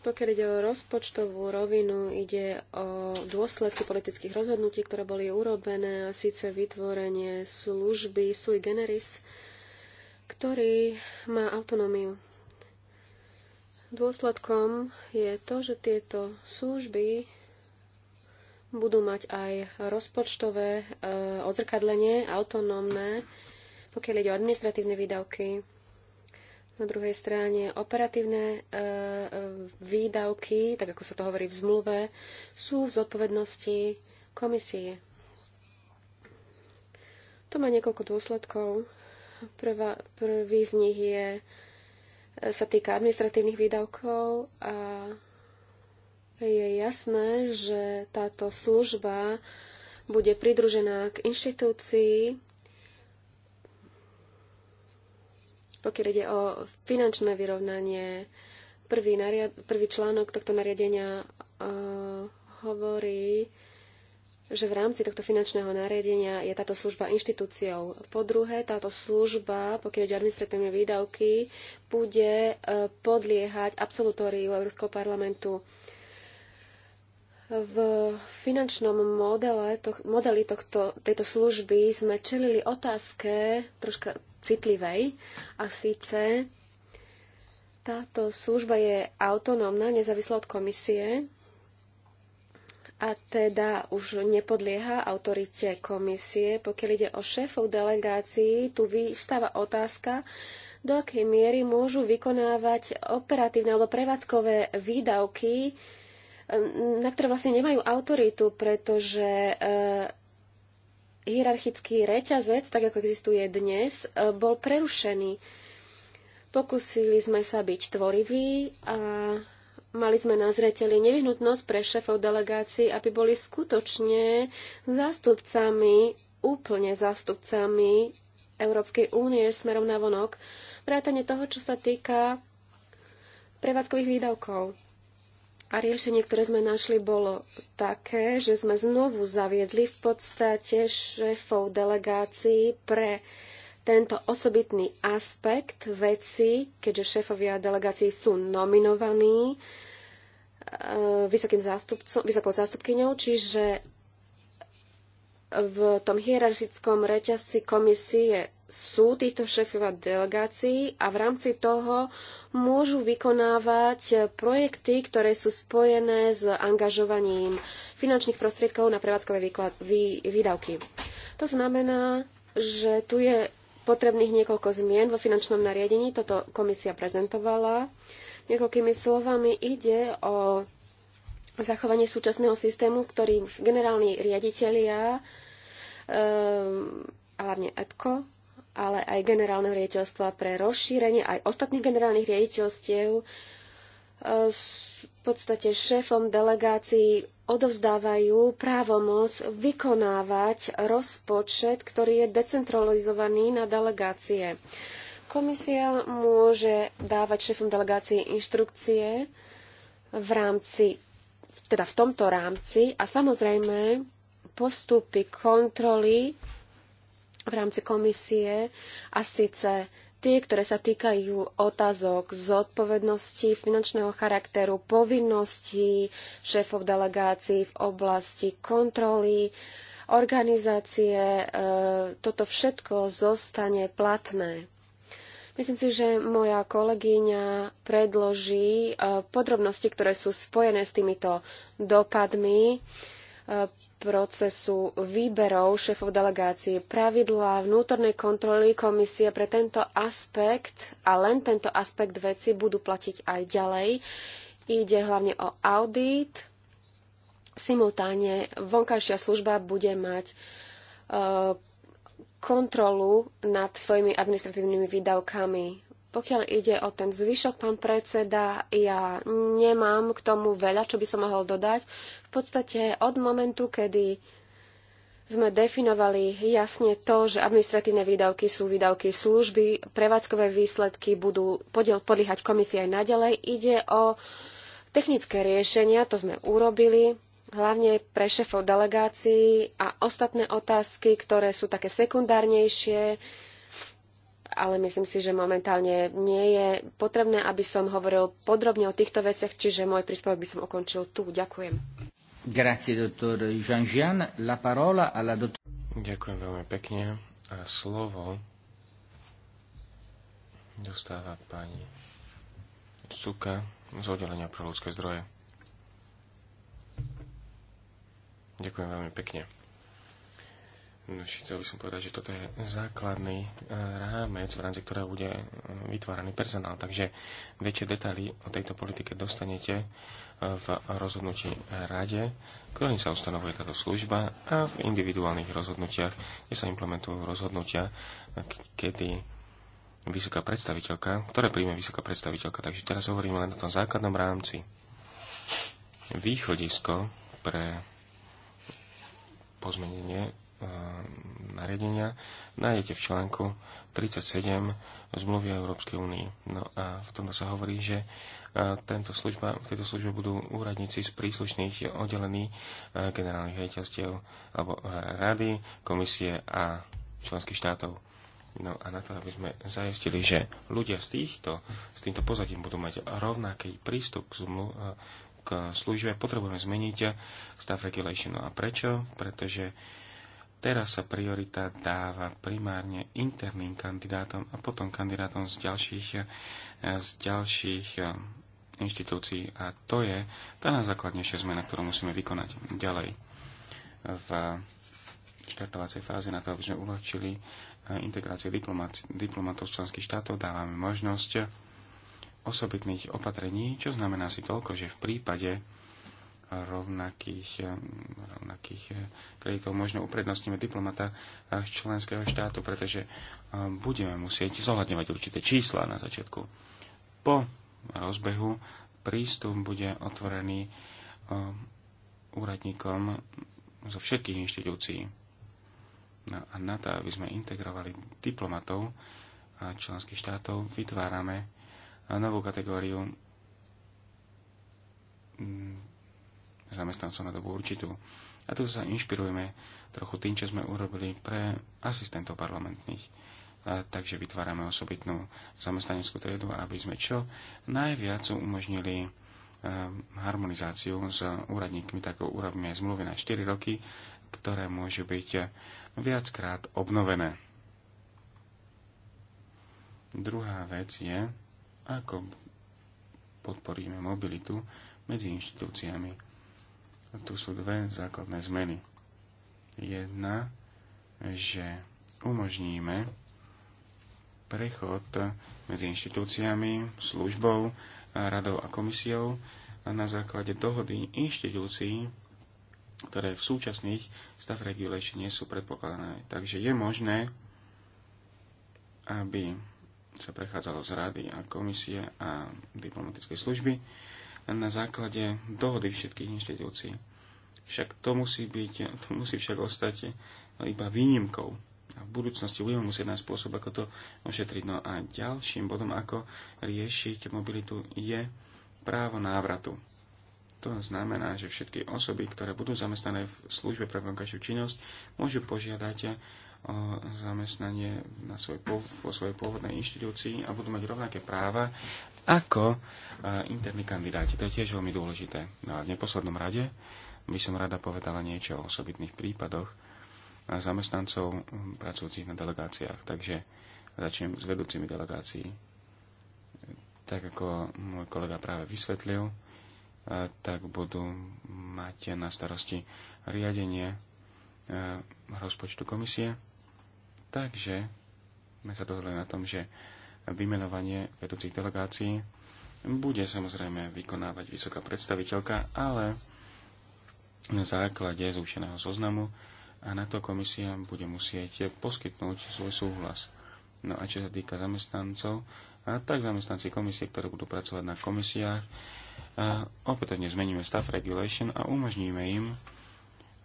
Pokiaľ ide o rozpočtovú rovinu, ide o dôsledky politických rozhodnutí, ktoré boli urobené, a síce vytvorenie služby sui generis, ktorý má autonómiu. Dôsledkom je to, že tieto služby budú mať aj rozpočtové e, odzrkadlenie, autonómne, pokiaľ ide o administratívne výdavky, na druhej strane operatívne e, e, výdavky, tak ako sa to hovorí v zmluve, sú v zodpovednosti komisie. To má niekoľko dôsledkov. Prvá, prvý z nich je, e, sa týka administratívnych výdavkov a je jasné, že táto služba bude pridružená k inštitúcii, Pokiaľ ide o finančné vyrovnanie, prvý, nariad, prvý článok tohto nariadenia uh, hovorí, že v rámci tohto finančného nariadenia je táto služba inštitúciou. Po druhé, táto služba, pokiaľ ide o administratívne výdavky, bude uh, podliehať absolutóriu Európskeho parlamentu. V finančnom modele, to, modeli tohto, tejto služby sme čelili otázke, troška citlivej. A síce táto služba je autonómna, nezávislá od komisie a teda už nepodlieha autorite komisie. Pokiaľ ide o šéfov delegácií, tu vystáva otázka, do akej miery môžu vykonávať operatívne alebo prevádzkové výdavky, na ktoré vlastne nemajú autoritu, pretože hierarchický reťazec, tak ako existuje dnes, e, bol prerušený. Pokúsili sme sa byť tvoriví a mali sme na zreteli nevyhnutnosť pre šéfov delegácií, aby boli skutočne zástupcami, úplne zástupcami Európskej únie smerom na vonok, vrátane toho, čo sa týka prevádzkových výdavkov. A riešenie, ktoré sme našli, bolo také, že sme znovu zaviedli v podstate šéfov delegácií pre tento osobitný aspekt veci, keďže šéfovia delegácií sú nominovaní eh, vysokým zástupcom, vysokou zástupkyňou, čiže v tom hierarchickom reťazci komisie sú títo šéfovia delegácií a v rámci toho môžu vykonávať projekty, ktoré sú spojené s angažovaním finančných prostriedkov na prevádzkové výdavky. To znamená, že tu je potrebných niekoľko zmien vo finančnom nariadení. Toto komisia prezentovala. Niekoľkými slovami ide o zachovanie súčasného systému, ktorý generálni riaditeľia, ehm, hlavne ETCO, ale aj generálneho riaditeľstva pre rozšírenie, aj ostatných generálnych riaditeľstiev e, v podstate šéfom delegácií odovzdávajú právomoc vykonávať rozpočet, ktorý je decentralizovaný na delegácie. Komisia môže dávať šéfom delegácií inštrukcie v rámci, teda v tomto rámci a samozrejme postupy kontroly v rámci komisie a síce tie, ktoré sa týkajú otázok zodpovednosti finančného charakteru, povinností šéfov delegácií v oblasti kontroly, organizácie, e, toto všetko zostane platné. Myslím si, že moja kolegyňa predloží e, podrobnosti, ktoré sú spojené s týmito dopadmi e, procesu výberov šéfov delegácií. Pravidlá vnútornej kontroly komisie pre tento aspekt a len tento aspekt veci budú platiť aj ďalej. Ide hlavne o audit. Simultáne vonkajšia služba bude mať e, kontrolu nad svojimi administratívnymi výdavkami pokiaľ ide o ten zvyšok, pán predseda, ja nemám k tomu veľa, čo by som mohol dodať. V podstate od momentu, kedy sme definovali jasne to, že administratívne výdavky sú výdavky služby, prevádzkové výsledky budú podliehať komisii aj naďalej. Ide o technické riešenia, to sme urobili, hlavne pre šéfov delegácií a ostatné otázky, ktoré sú také sekundárnejšie, ale myslím si, že momentálne nie je potrebné, aby som hovoril podrobne o týchto veciach, čiže môj príspevok by som ukončil tu. Ďakujem. Grazie, doktor Jean Jean. La parola alla doktor... Ďakujem veľmi pekne. A slovo dostáva pani Suka z oddelenia pro ľudské zdroje. Ďakujem veľmi pekne. Chcel by som povedať, že toto je základný e, rámec, v rámci ktorého bude e, vytváraný personál. Takže väčšie detaily o tejto politike dostanete e, v rozhodnutí rade, ktorým sa ustanovuje táto služba a v individuálnych rozhodnutiach, kde sa implementujú rozhodnutia, kedy vysoká predstaviteľka, ktoré príjme vysoká predstaviteľka. Takže teraz hovoríme len o tom základnom rámci. Východisko pre pozmenenie Ehm, nariadenia nájdete v článku 37 zmluvy o Európskej únie. No a v tomto sa hovorí, že e, tento služba, v tejto službe budú úradníci z príslušných oddelení e, generálnych riaditeľstiev alebo rady, komisie a členských štátov. No a na to, aby sme zajistili, že ľudia z týchto, s týmto pozadím budú mať rovnaký prístup k, zmlu, e, k službe, potrebujeme zmeniť stav regulation. No a prečo? Pretože Teraz sa priorita dáva primárne interným kandidátom a potom kandidátom z ďalších, eh, z ďalších eh, inštitúcií. A to je tá najzákladnejšia zmena, ktorú musíme vykonať ďalej v štartovacej fáze na to, aby sme uľahčili eh, integráciu diplomatov z členských štátov. Dávame možnosť osobitných opatrení, čo znamená si toľko, že v prípade rovnakých, rovnakých eh, kreditov. Možno uprednostníme diplomata eh, z členského štátu, pretože eh, budeme musieť zohľadňovať určité čísla na začiatku. Po rozbehu prístup bude otvorený úradníkom zo všetkých inštitúcií. No a na to, aby sme integrovali diplomatov a členských štátov, vytvárame novú kategóriu mm, zamestnancov na dobu určitú. A tu sa inšpirujeme trochu tým, čo sme urobili pre asistentov parlamentných. A, takže vytvárame osobitnú zamestnaneckú triedu, aby sme čo najviac umožnili e, harmonizáciu s úradníkmi, tak urobíme zmluvy na 4 roky, ktoré môžu byť viackrát obnovené. Druhá vec je, ako podporíme mobilitu medzi inštitúciami tu sú dve základné zmeny. Jedna, že umožníme prechod medzi inštitúciami, službou, radou a komisiou na základe dohody inštitúcií, ktoré v súčasných stav regulation nie sú predpokladané. Takže je možné, aby sa prechádzalo z rady a komisie a diplomatickej služby na základe dohody všetkých inštitúcií. Však to musí, byť, to musí však ostať iba výnimkou. A v budúcnosti budeme musieť nájsť spôsob, ako to ošetriť. No a ďalším bodom, ako riešiť mobilitu, je právo návratu. To znamená, že všetky osoby, ktoré budú zamestnané v službe pre vonkajšiu činnosť, môžu požiadať o zamestnanie na svoj, po svojej pôvodnej inštitúcii a budú mať rovnaké práva ako e, interný kandidáti. To je tiež veľmi dôležité. No a v neposlednom rade by som rada povedala niečo o osobitných prípadoch zamestnancov pracujúcich na delegáciách. Takže začnem s vedúcimi delegácií. Tak ako môj kolega práve vysvetlil, e, tak budú mať na starosti riadenie e, rozpočtu komisie. Takže sme sa dohodli na tom, že vymenovanie vedúcich delegácií bude samozrejme vykonávať vysoká predstaviteľka, ale na základe zúšeného zoznamu a na to komisia bude musieť poskytnúť svoj súhlas. No a čo sa týka zamestnancov, a tak zamestnanci komisie, ktorí budú pracovať na komisiách, opätovne zmeníme staff regulation a umožníme im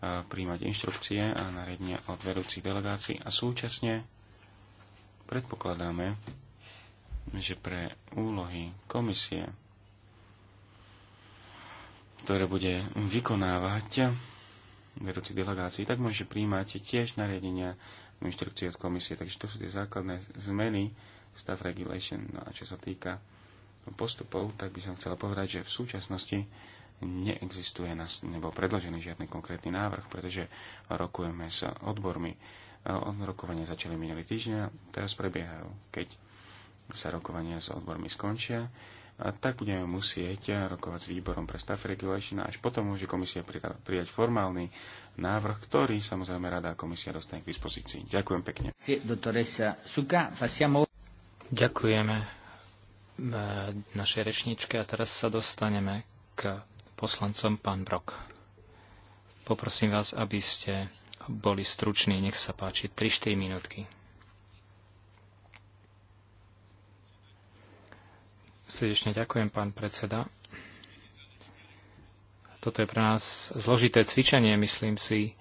príjmať inštrukcie a naredne od vedúcich delegácií a súčasne predpokladáme, že pre úlohy komisie, ktoré bude vykonávať vedúci delegácii, tak môže príjmať tiež nariadenia inštrukcie od komisie. Takže to sú tie základné zmeny staff regulation. No a čo sa týka postupov, tak by som chcela povedať, že v súčasnosti neexistuje, nebo predložený žiadny konkrétny návrh, pretože rokujeme s odbormi. Rokovania začali minulý týždeň a teraz prebiehajú. Keď sa rokovania s odbormi skončia, a tak budeme musieť rokovať s výborom pre staff regulation a až potom môže komisia prijať formálny návrh, ktorý samozrejme rada a komisia dostane k dispozícii. Ďakujem pekne. Ďakujeme eh, našej rečničke a teraz sa dostaneme k poslancom pán Brok. Poprosím vás, aby ste boli struční, nech sa páči, 3-4 minútky. Srdečne ďakujem, pán predseda. Toto je pre nás zložité cvičenie, myslím si,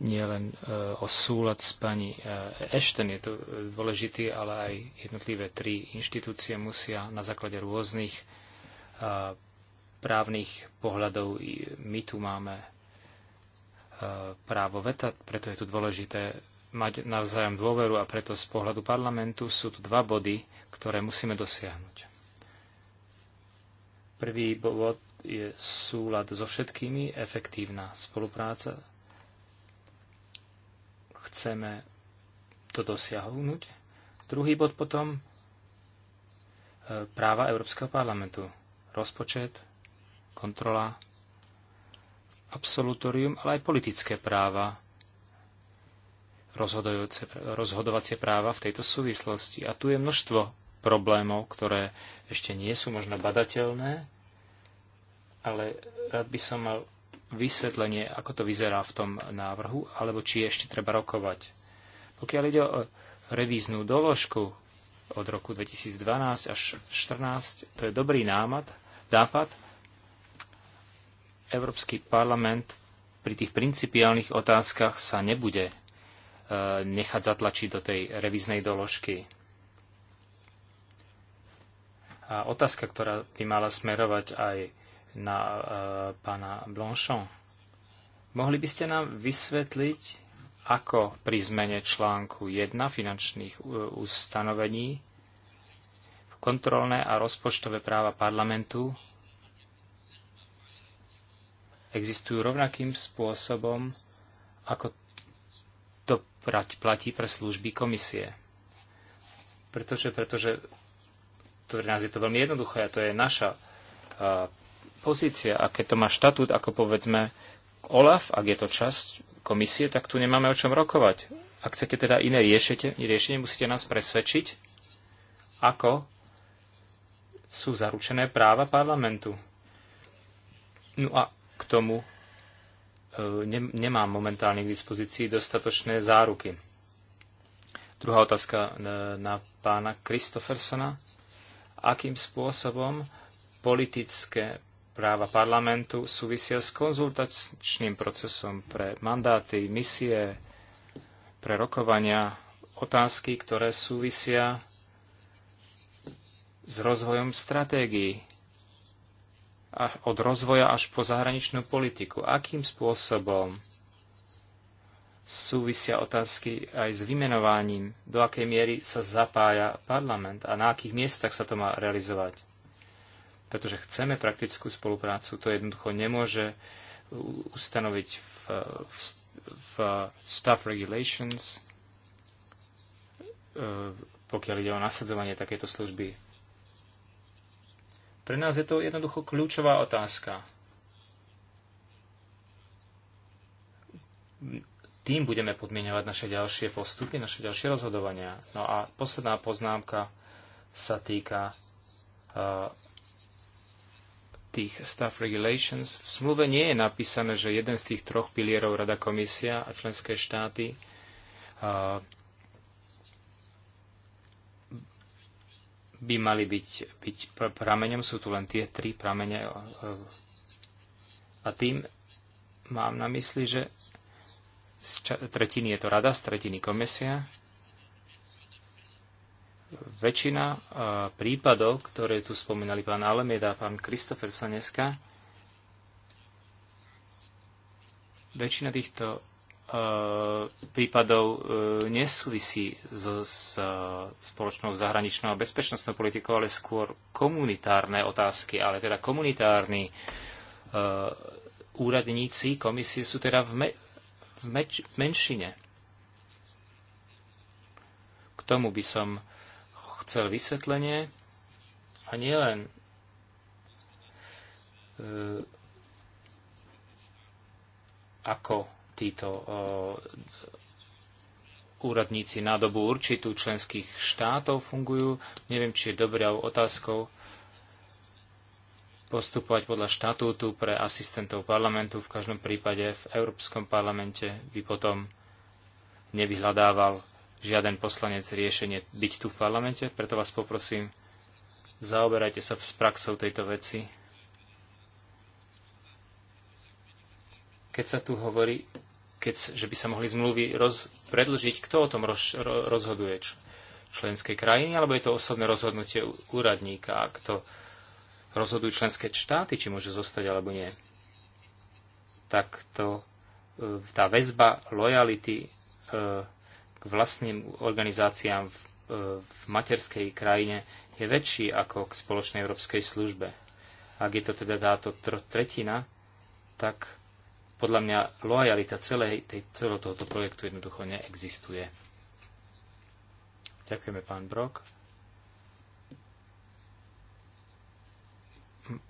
nie len e, o súlad s pani Ešten je to e, dôležitý, ale aj jednotlivé tri inštitúcie musia na základe rôznych e, právnych pohľadov. My tu máme právo veta, preto je tu dôležité mať navzájom dôveru a preto z pohľadu parlamentu sú tu dva body, ktoré musíme dosiahnuť. Prvý bod je súlad so všetkými, efektívna spolupráca. Chceme to dosiahnuť. Druhý bod potom e, práva Európskeho parlamentu. Rozpočet, kontrola, absolutorium, ale aj politické práva rozhodovacie práva v tejto súvislosti. A tu je množstvo problémov, ktoré ešte nie sú možno badateľné, ale rád by som mal vysvetlenie, ako to vyzerá v tom návrhu, alebo či ešte treba rokovať. Pokiaľ ide o revíznu doložku od roku 2012 až 2014, to je dobrý námad, nápad. Európsky parlament pri tých principiálnych otázkach sa nebude nechať zatlačiť do tej revíznej doložky. A otázka, ktorá by mala smerovať aj na e, pána Blanchon. Mohli by ste nám vysvetliť, ako pri zmene článku 1 finančných e, ustanovení kontrolné a rozpočtové práva parlamentu existujú rovnakým spôsobom ako platí pre služby komisie. Pretože, pretože pre nás je to veľmi jednoduché a to je naša a, pozícia. A keď to má štatút, ako povedzme OLAF, ak je to časť komisie, tak tu nemáme o čom rokovať. Ak chcete teda iné riešenie, riešenie musíte nás presvedčiť, ako sú zaručené práva parlamentu. No a k tomu E, nemám momentálne k dispozícii dostatočné záruky. Druhá otázka e, na pána Kristofersona. Akým spôsobom politické práva parlamentu súvisia s konzultačným procesom pre mandáty, misie, pre rokovania, otázky, ktoré súvisia s rozvojom stratégií od rozvoja až po zahraničnú politiku. Akým spôsobom súvisia otázky aj s vymenovaním, do akej miery sa zapája parlament a na akých miestach sa to má realizovať. Pretože chceme praktickú spoluprácu, to jednoducho nemôže ustanoviť v, v, v staff regulations, e, pokiaľ ide o nasadzovanie takéto služby pre nás je to jednoducho kľúčová otázka. Tým budeme podmienovať naše ďalšie postupy, naše ďalšie rozhodovania. No a posledná poznámka sa týka uh, tých staff regulations. V smluve nie je napísané, že jeden z tých troch pilierov Rada komisia a členské štáty uh, by mali byť, byť prameňom, sú tu len tie tri pramene. A tým mám na mysli, že z tretiny je to rada, z tretiny komisia. Väčšina e, prípadov, ktoré tu spomínali pán Alemieda a pán Kristofer Saneska, väčšina týchto E, prípadov e, nesúvisí so, s e, spoločnou zahraničnou a bezpečnostnou politikou, ale skôr komunitárne otázky, ale teda komunitárni úradníci komisie sú teda v, me, v, meč, v menšine. K tomu by som chcel vysvetlenie a nielen ako títo úradníci na dobu určitú členských štátov fungujú. Neviem, či je dobrou otázkou postupovať podľa štatútu pre asistentov parlamentu. V každom prípade v Európskom parlamente by potom nevyhľadával žiaden poslanec riešenie byť tu v parlamente. Preto vás poprosím, zaoberajte sa s praxou tejto veci. Keď sa tu hovorí keď, že by sa mohli zmluvy roz, predlžiť. Kto o tom roz, rozhoduje? Členské krajiny, alebo je to osobné rozhodnutie úradníka? Ak kto rozhodujú členské štáty, či môže zostať alebo nie? Tak to, e, tá väzba lojality e, k vlastným organizáciám v, e, v materskej krajine je väčší ako k spoločnej európskej službe. Ak je to teda táto tretina, tak podľa mňa lojalita celej, tej, celého tohoto projektu jednoducho neexistuje. Ďakujeme, pán Brok.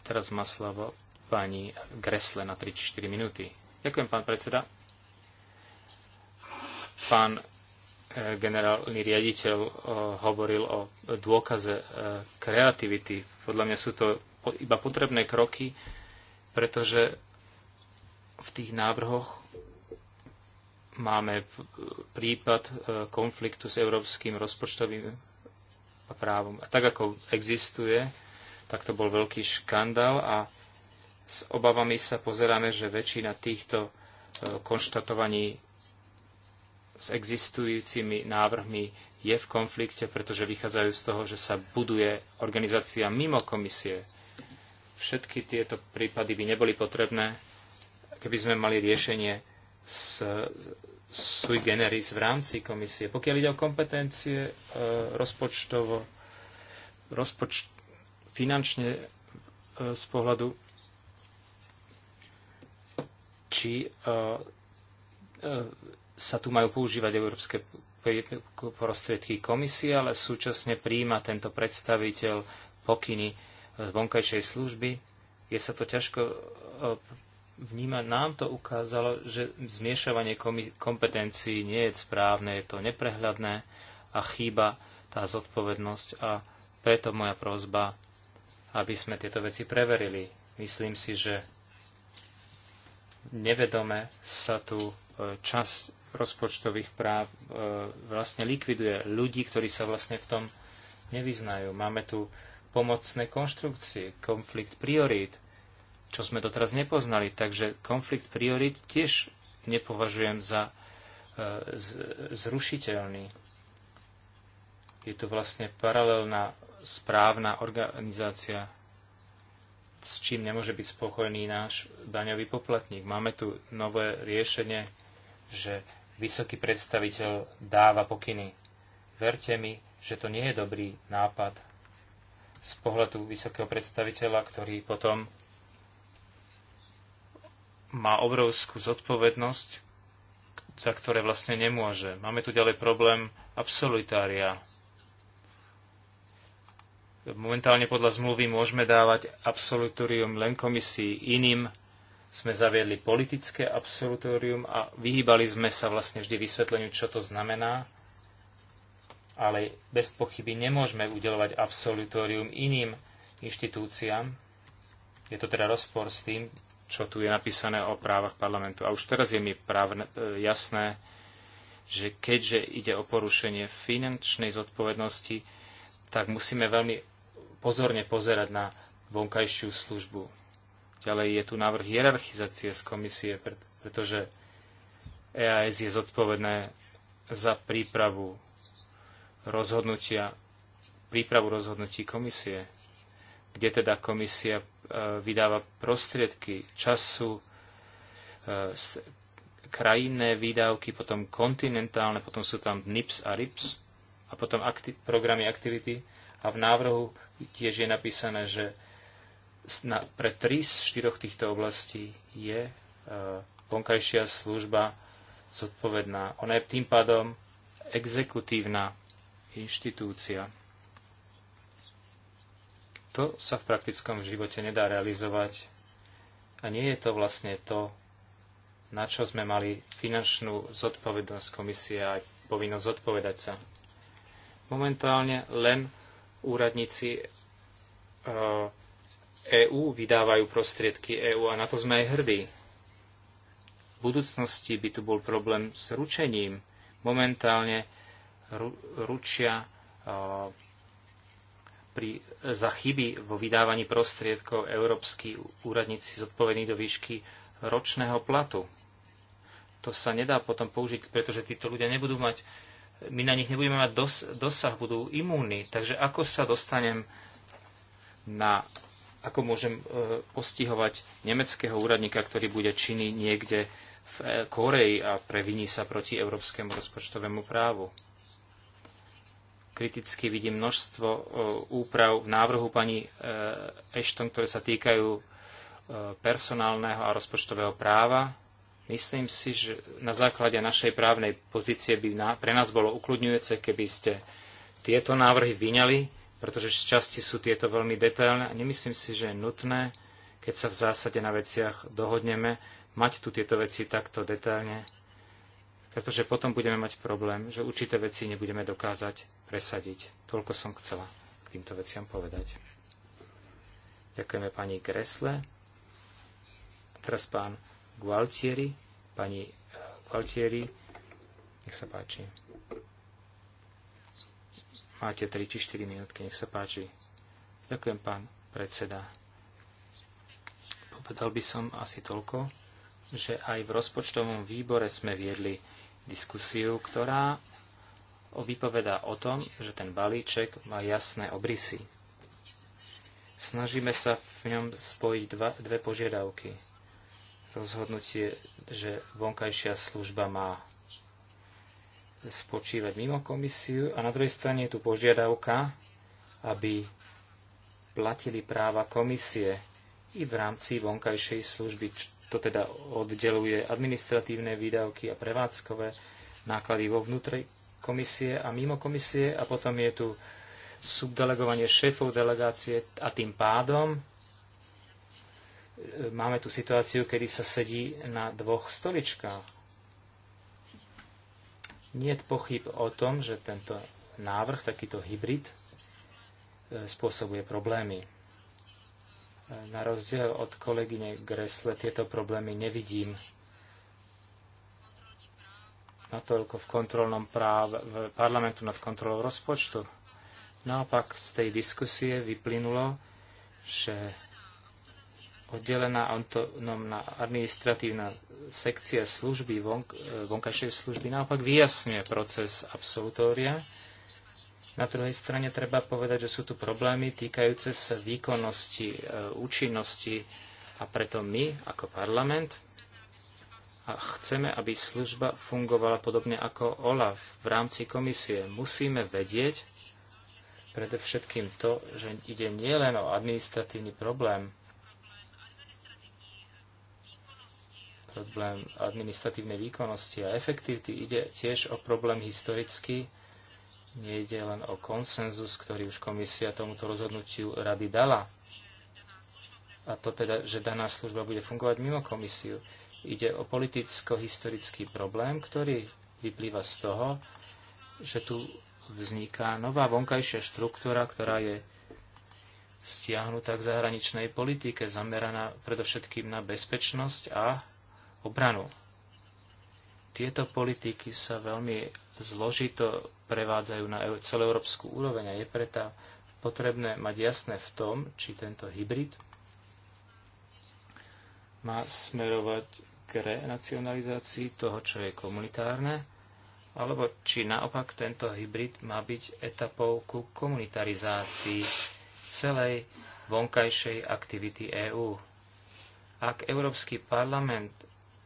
Teraz má slovo pani Gresle na 3-4 minúty. Ďakujem, pán predseda. Pán eh, generálny riaditeľ eh, hovoril o dôkaze eh, kreativity. Podľa mňa sú to iba potrebné kroky, pretože v tých návrhoch máme prípad e, konfliktu s európskym rozpočtovým právom. A tak ako existuje, tak to bol veľký škandál a s obavami sa pozeráme, že väčšina týchto e, konštatovaní s existujúcimi návrhmi je v konflikte, pretože vychádzajú z toho, že sa buduje organizácia mimo komisie. Všetky tieto prípady by neboli potrebné, keby sme mali riešenie s, sui generis v rámci komisie. Pokiaľ ide o kompetencie e, rozpočtovo, rozpoč, finančne e, z pohľadu, či e, sa tu majú používať európske prostriedky komisie, ale súčasne príjima tento predstaviteľ pokyny vonkajšej služby. Je sa to ťažko vníma, nám to ukázalo, že zmiešavanie kompetencií nie je správne, je to neprehľadné a chýba tá zodpovednosť a preto moja prozba, aby sme tieto veci preverili. Myslím si, že nevedome sa tu e, časť rozpočtových práv e, vlastne likviduje ľudí, ktorí sa vlastne v tom nevyznajú. Máme tu pomocné konštrukcie, konflikt priorít, čo sme doteraz nepoznali. Takže konflikt priorit tiež nepovažujem za e, zrušiteľný. Je to vlastne paralelná správna organizácia, s čím nemôže byť spokojný náš daňový poplatník. Máme tu nové riešenie, že vysoký predstaviteľ dáva pokyny. Verte mi, že to nie je dobrý nápad z pohľadu vysokého predstaviteľa, ktorý potom má obrovskú zodpovednosť, za ktoré vlastne nemôže. Máme tu ďalej problém absolutária. Momentálne podľa zmluvy môžeme dávať absolutórium len komisii iným. Sme zaviedli politické absolutórium a vyhýbali sme sa vlastne vždy vysvetleniu, čo to znamená. Ale bez pochyby nemôžeme udelovať absolutórium iným inštitúciám. Je to teda rozpor s tým, čo tu je napísané o právach parlamentu. A už teraz je mi právne, e, jasné, že keďže ide o porušenie finančnej zodpovednosti, tak musíme veľmi pozorne pozerať na vonkajšiu službu. Ďalej je tu návrh hierarchizácie z komisie, pretože EAS je zodpovedné za prípravu rozhodnutia, prípravu rozhodnutí komisie kde teda komisia e, vydáva prostriedky času, e, krajinné výdavky, potom kontinentálne, potom sú tam NIPS a RIPS a potom akti- programy aktivity. A v návrhu tiež je napísané, že na, pre tri z štyroch týchto oblastí je e, vonkajšia služba zodpovedná. Ona je tým pádom exekutívna inštitúcia. To sa v praktickom živote nedá realizovať a nie je to vlastne to, na čo sme mali finančnú zodpovednosť komisie a aj povinnosť zodpovedať sa. Momentálne len úradníci EÚ e vydávajú prostriedky EÚ a na to sme aj hrdí. V budúcnosti by tu bol problém s ručením. Momentálne ručia e, pri, za chyby vo vydávaní prostriedkov európsky úradníci zodpovední do výšky ročného platu. To sa nedá potom použiť, pretože títo ľudia nebudú mať, my na nich nebudeme mať dos, dosah, budú imúnni. Takže ako sa dostanem na, ako môžem e, postihovať nemeckého úradníka, ktorý bude činný niekde v e, Koreji a previní sa proti európskemu rozpočtovému právu. Kriticky vidím množstvo e, úprav v návrhu pani e, Ashton, ktoré sa týkajú e, personálneho a rozpočtového práva. Myslím si, že na základe našej právnej pozície by pre nás bolo ukludňujúce, keby ste tieto návrhy vyňali, pretože z časti sú tieto veľmi detailné a nemyslím si, že je nutné, keď sa v zásade na veciach dohodneme, mať tu tieto veci takto detailne pretože potom budeme mať problém, že určité veci nebudeme dokázať presadiť. Toľko som chcela k týmto veciam povedať. Ďakujeme pani Gresle. Teraz pán Gualtieri. Pani eh, Gualtieri, nech sa páči. Máte 3 či 4 minútky, nech sa páči. Ďakujem, pán predseda. Povedal by som asi toľko, že aj v rozpočtovom výbore sme viedli diskusiu, ktorá vypovedá o tom, že ten balíček má jasné obrysy. Snažíme sa v ňom spojiť dva, dve požiadavky. Rozhodnutie, že vonkajšia služba má spočívať mimo komisiu a na druhej strane je tu požiadavka, aby platili práva komisie i v rámci vonkajšej služby, to teda oddeluje administratívne výdavky a prevádzkové náklady vo vnútri komisie a mimo komisie a potom je tu subdelegovanie šéfov delegácie a tým pádom e, máme tu situáciu, kedy sa sedí na dvoch stoličkách. Nie je pochyb o tom, že tento návrh, takýto hybrid, e, spôsobuje problémy. Na rozdiel od kolegyne Gresle tieto problémy nevidím natoľko v kontrolnom práve v parlamentu nad kontrolou rozpočtu. Naopak z tej diskusie vyplynulo, že oddelená autonómna administratívna sekcia služby, vonk, vonkajšej služby naopak vyjasňuje proces absolutória na druhej strane treba povedať, že sú tu problémy týkajúce sa výkonnosti, e, účinnosti a preto my ako parlament a chceme, aby služba fungovala podobne ako OLAF v rámci komisie, musíme vedieť predovšetkým to, že ide nielen o administratívny problém, problém administratívnej výkonnosti a efektivity, ide tiež o problém historický, Nejde len o konsenzus, ktorý už komisia tomuto rozhodnutiu rady dala. A to teda, že daná služba bude fungovať mimo komisiu. Ide o politicko-historický problém, ktorý vyplýva z toho, že tu vzniká nová vonkajšia štruktúra, ktorá je stiahnutá k zahraničnej politike, zameraná predovšetkým na bezpečnosť a obranu. Tieto politiky sa veľmi zložito prevádzajú na celoeurópsku úroveň a je preto potrebné mať jasné v tom, či tento hybrid má smerovať k renacionalizácii toho, čo je komunitárne, alebo či naopak tento hybrid má byť etapou ku komunitarizácii celej vonkajšej aktivity EÚ. Ak Európsky parlament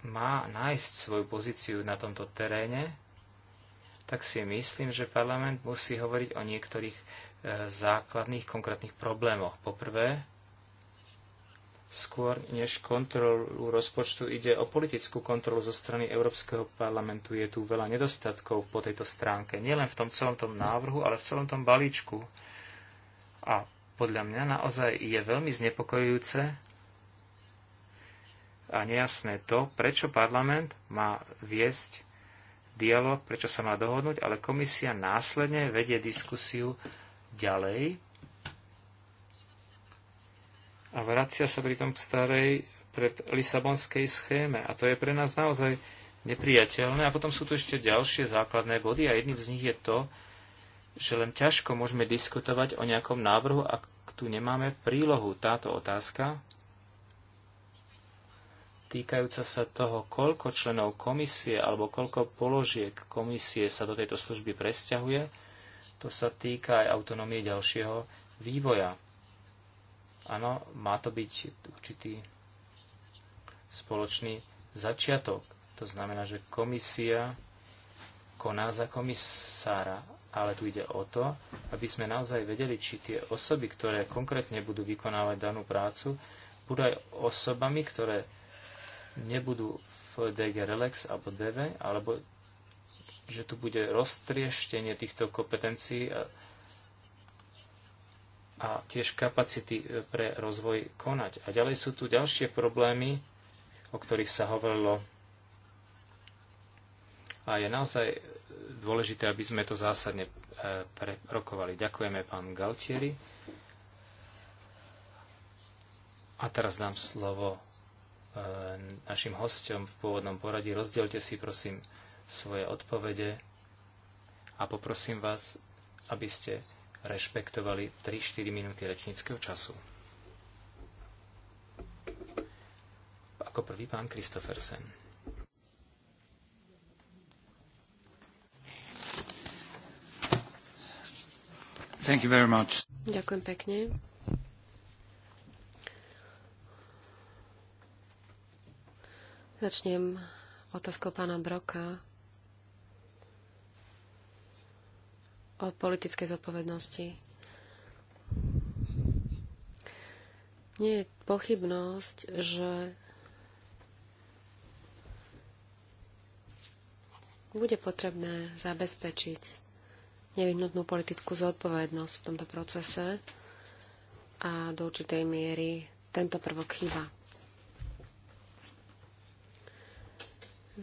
má nájsť svoju pozíciu na tomto teréne, tak si myslím, že parlament musí hovoriť o niektorých e, základných konkrétnych problémoch. Poprvé, skôr než kontrolu rozpočtu ide o politickú kontrolu zo strany Európskeho parlamentu. Je tu veľa nedostatkov po tejto stránke. Nielen v tom celom tom návrhu, ale v celom tom balíčku. A podľa mňa naozaj je veľmi znepokojujúce a nejasné to, prečo parlament má viesť dialog, prečo sa má dohodnúť, ale komisia následne vedie diskusiu ďalej a vracia sa pri k starej pred Lisabonskej schéme. A to je pre nás naozaj nepriateľné. A potom sú tu ešte ďalšie základné body a jedným z nich je to, že len ťažko môžeme diskutovať o nejakom návrhu, ak tu nemáme prílohu. Táto otázka týkajúca sa toho, koľko členov komisie alebo koľko položiek komisie sa do tejto služby presťahuje, to sa týka aj autonómie ďalšieho vývoja. Áno, má to byť určitý spoločný začiatok. To znamená, že komisia koná za komisára, ale tu ide o to, aby sme naozaj vedeli, či tie osoby, ktoré konkrétne budú vykonávať danú prácu, budú aj osobami, ktoré nebudú v DG Relax alebo DV, alebo že tu bude roztrieštenie týchto kompetencií a, a tiež kapacity e, pre rozvoj konať. A ďalej sú tu ďalšie problémy, o ktorých sa hovorilo. A je naozaj e, dôležité, aby sme to zásadne e, prerokovali. Ďakujeme pán Galtieri. A teraz dám slovo E, našim hostom v pôvodnom poradí. Rozdielte si prosím svoje odpovede a poprosím vás, aby ste rešpektovali 3-4 minúty rečníckého času. Ako prvý pán Kristofersen. Thank you very much. Ďakujem pekne. Začnem otázkou pána Broka o politickej zodpovednosti. Nie je pochybnosť, že bude potrebné zabezpečiť nevyhnutnú politickú zodpovednosť v tomto procese a do určitej miery tento prvok chýba.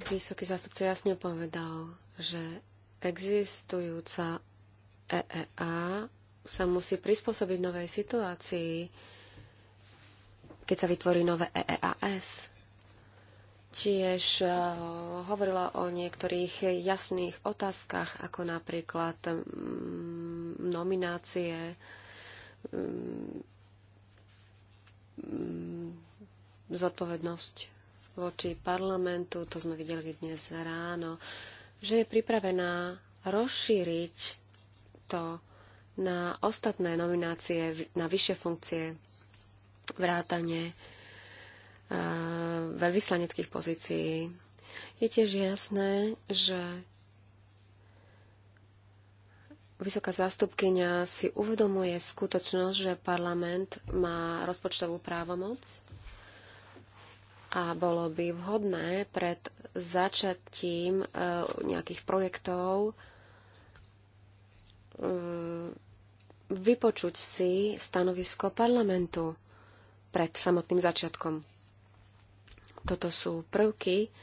Vysoký zástupca jasne povedal, že existujúca EEA sa musí prispôsobiť novej situácii, keď sa vytvorí nové EEAS. Tiež eh, hovorila o niektorých jasných otázkach, ako napríklad mm, nominácie mm, mm, zodpovednosť voči parlamentu, to sme videli dnes ráno, že je pripravená rozšíriť to na ostatné nominácie na vyššie funkcie vrátane e, veľvyslaneckých pozícií. Je tiež jasné, že Vysoká zástupkynia si uvedomuje skutočnosť, že parlament má rozpočtovú právomoc a bolo by vhodné pred začatím e, nejakých projektov e, vypočuť si stanovisko parlamentu pred samotným začiatkom. Toto sú prvky,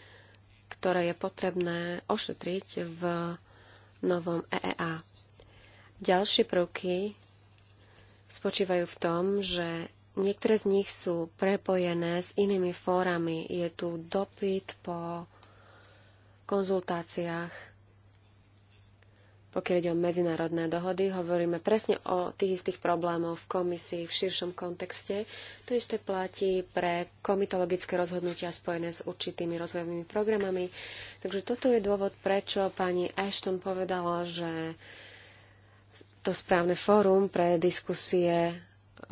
ktoré je potrebné ošetriť v novom EEA. Ďalšie prvky spočívajú v tom, že Niektoré z nich sú prepojené s inými fórami. Je tu dopyt po konzultáciách. Pokiaľ ide o medzinárodné dohody, hovoríme presne o tých istých problémoch v komisii v širšom kontexte. To isté platí pre komitologické rozhodnutia spojené s určitými rozvojovými programami. Takže toto je dôvod, prečo pani Ashton povedala, že to správne fórum pre diskusie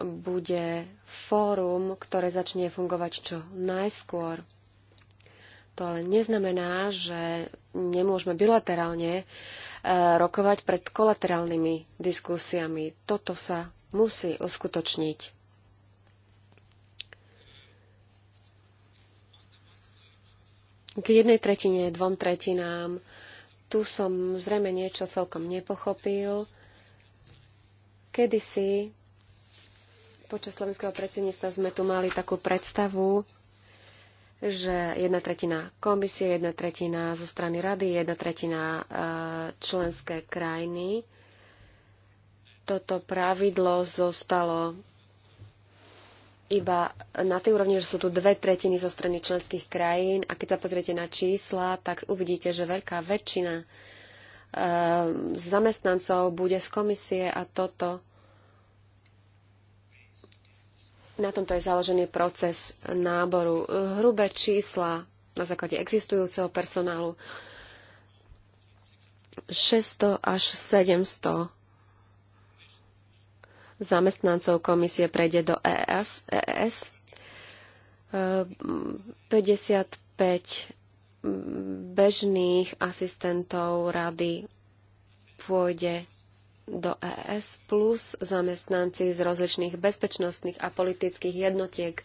bude fórum, ktoré začne fungovať čo najskôr. To ale neznamená, že nemôžeme bilaterálne e, rokovať pred kolaterálnymi diskusiami. Toto sa musí uskutočniť. K jednej tretine, dvom tretinám. Tu som zrejme niečo celkom nepochopil. Kedysi Počas slovenského predsedníctva sme tu mali takú predstavu, že jedna tretina komisie, jedna tretina zo strany rady, jedna tretina e, členské krajiny. Toto pravidlo zostalo iba na tej úrovni, že sú tu dve tretiny zo strany členských krajín a keď sa pozriete na čísla, tak uvidíte, že veľká väčšina e, zamestnancov bude z komisie a toto Na tomto je založený proces náboru. Hrubé čísla na základe existujúceho personálu 600 až 700 zamestnancov komisie prejde do ES, EES. 55 bežných asistentov rady pôjde do ES plus zamestnanci z rozličných bezpečnostných a politických jednotiek,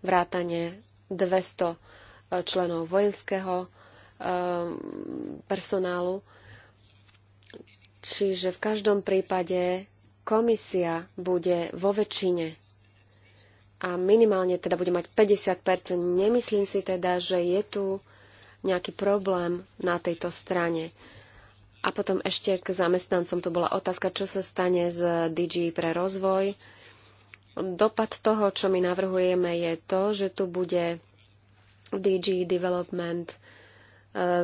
vrátane 200 e, členov vojenského e, personálu. Čiže v každom prípade komisia bude vo väčšine a minimálne teda bude mať 50%. Nemyslím si teda, že je tu nejaký problém na tejto strane. A potom ešte k zamestnancom. To bola otázka, čo sa stane z DG pre rozvoj. Dopad toho, čo my navrhujeme, je to, že tu bude DG Development e,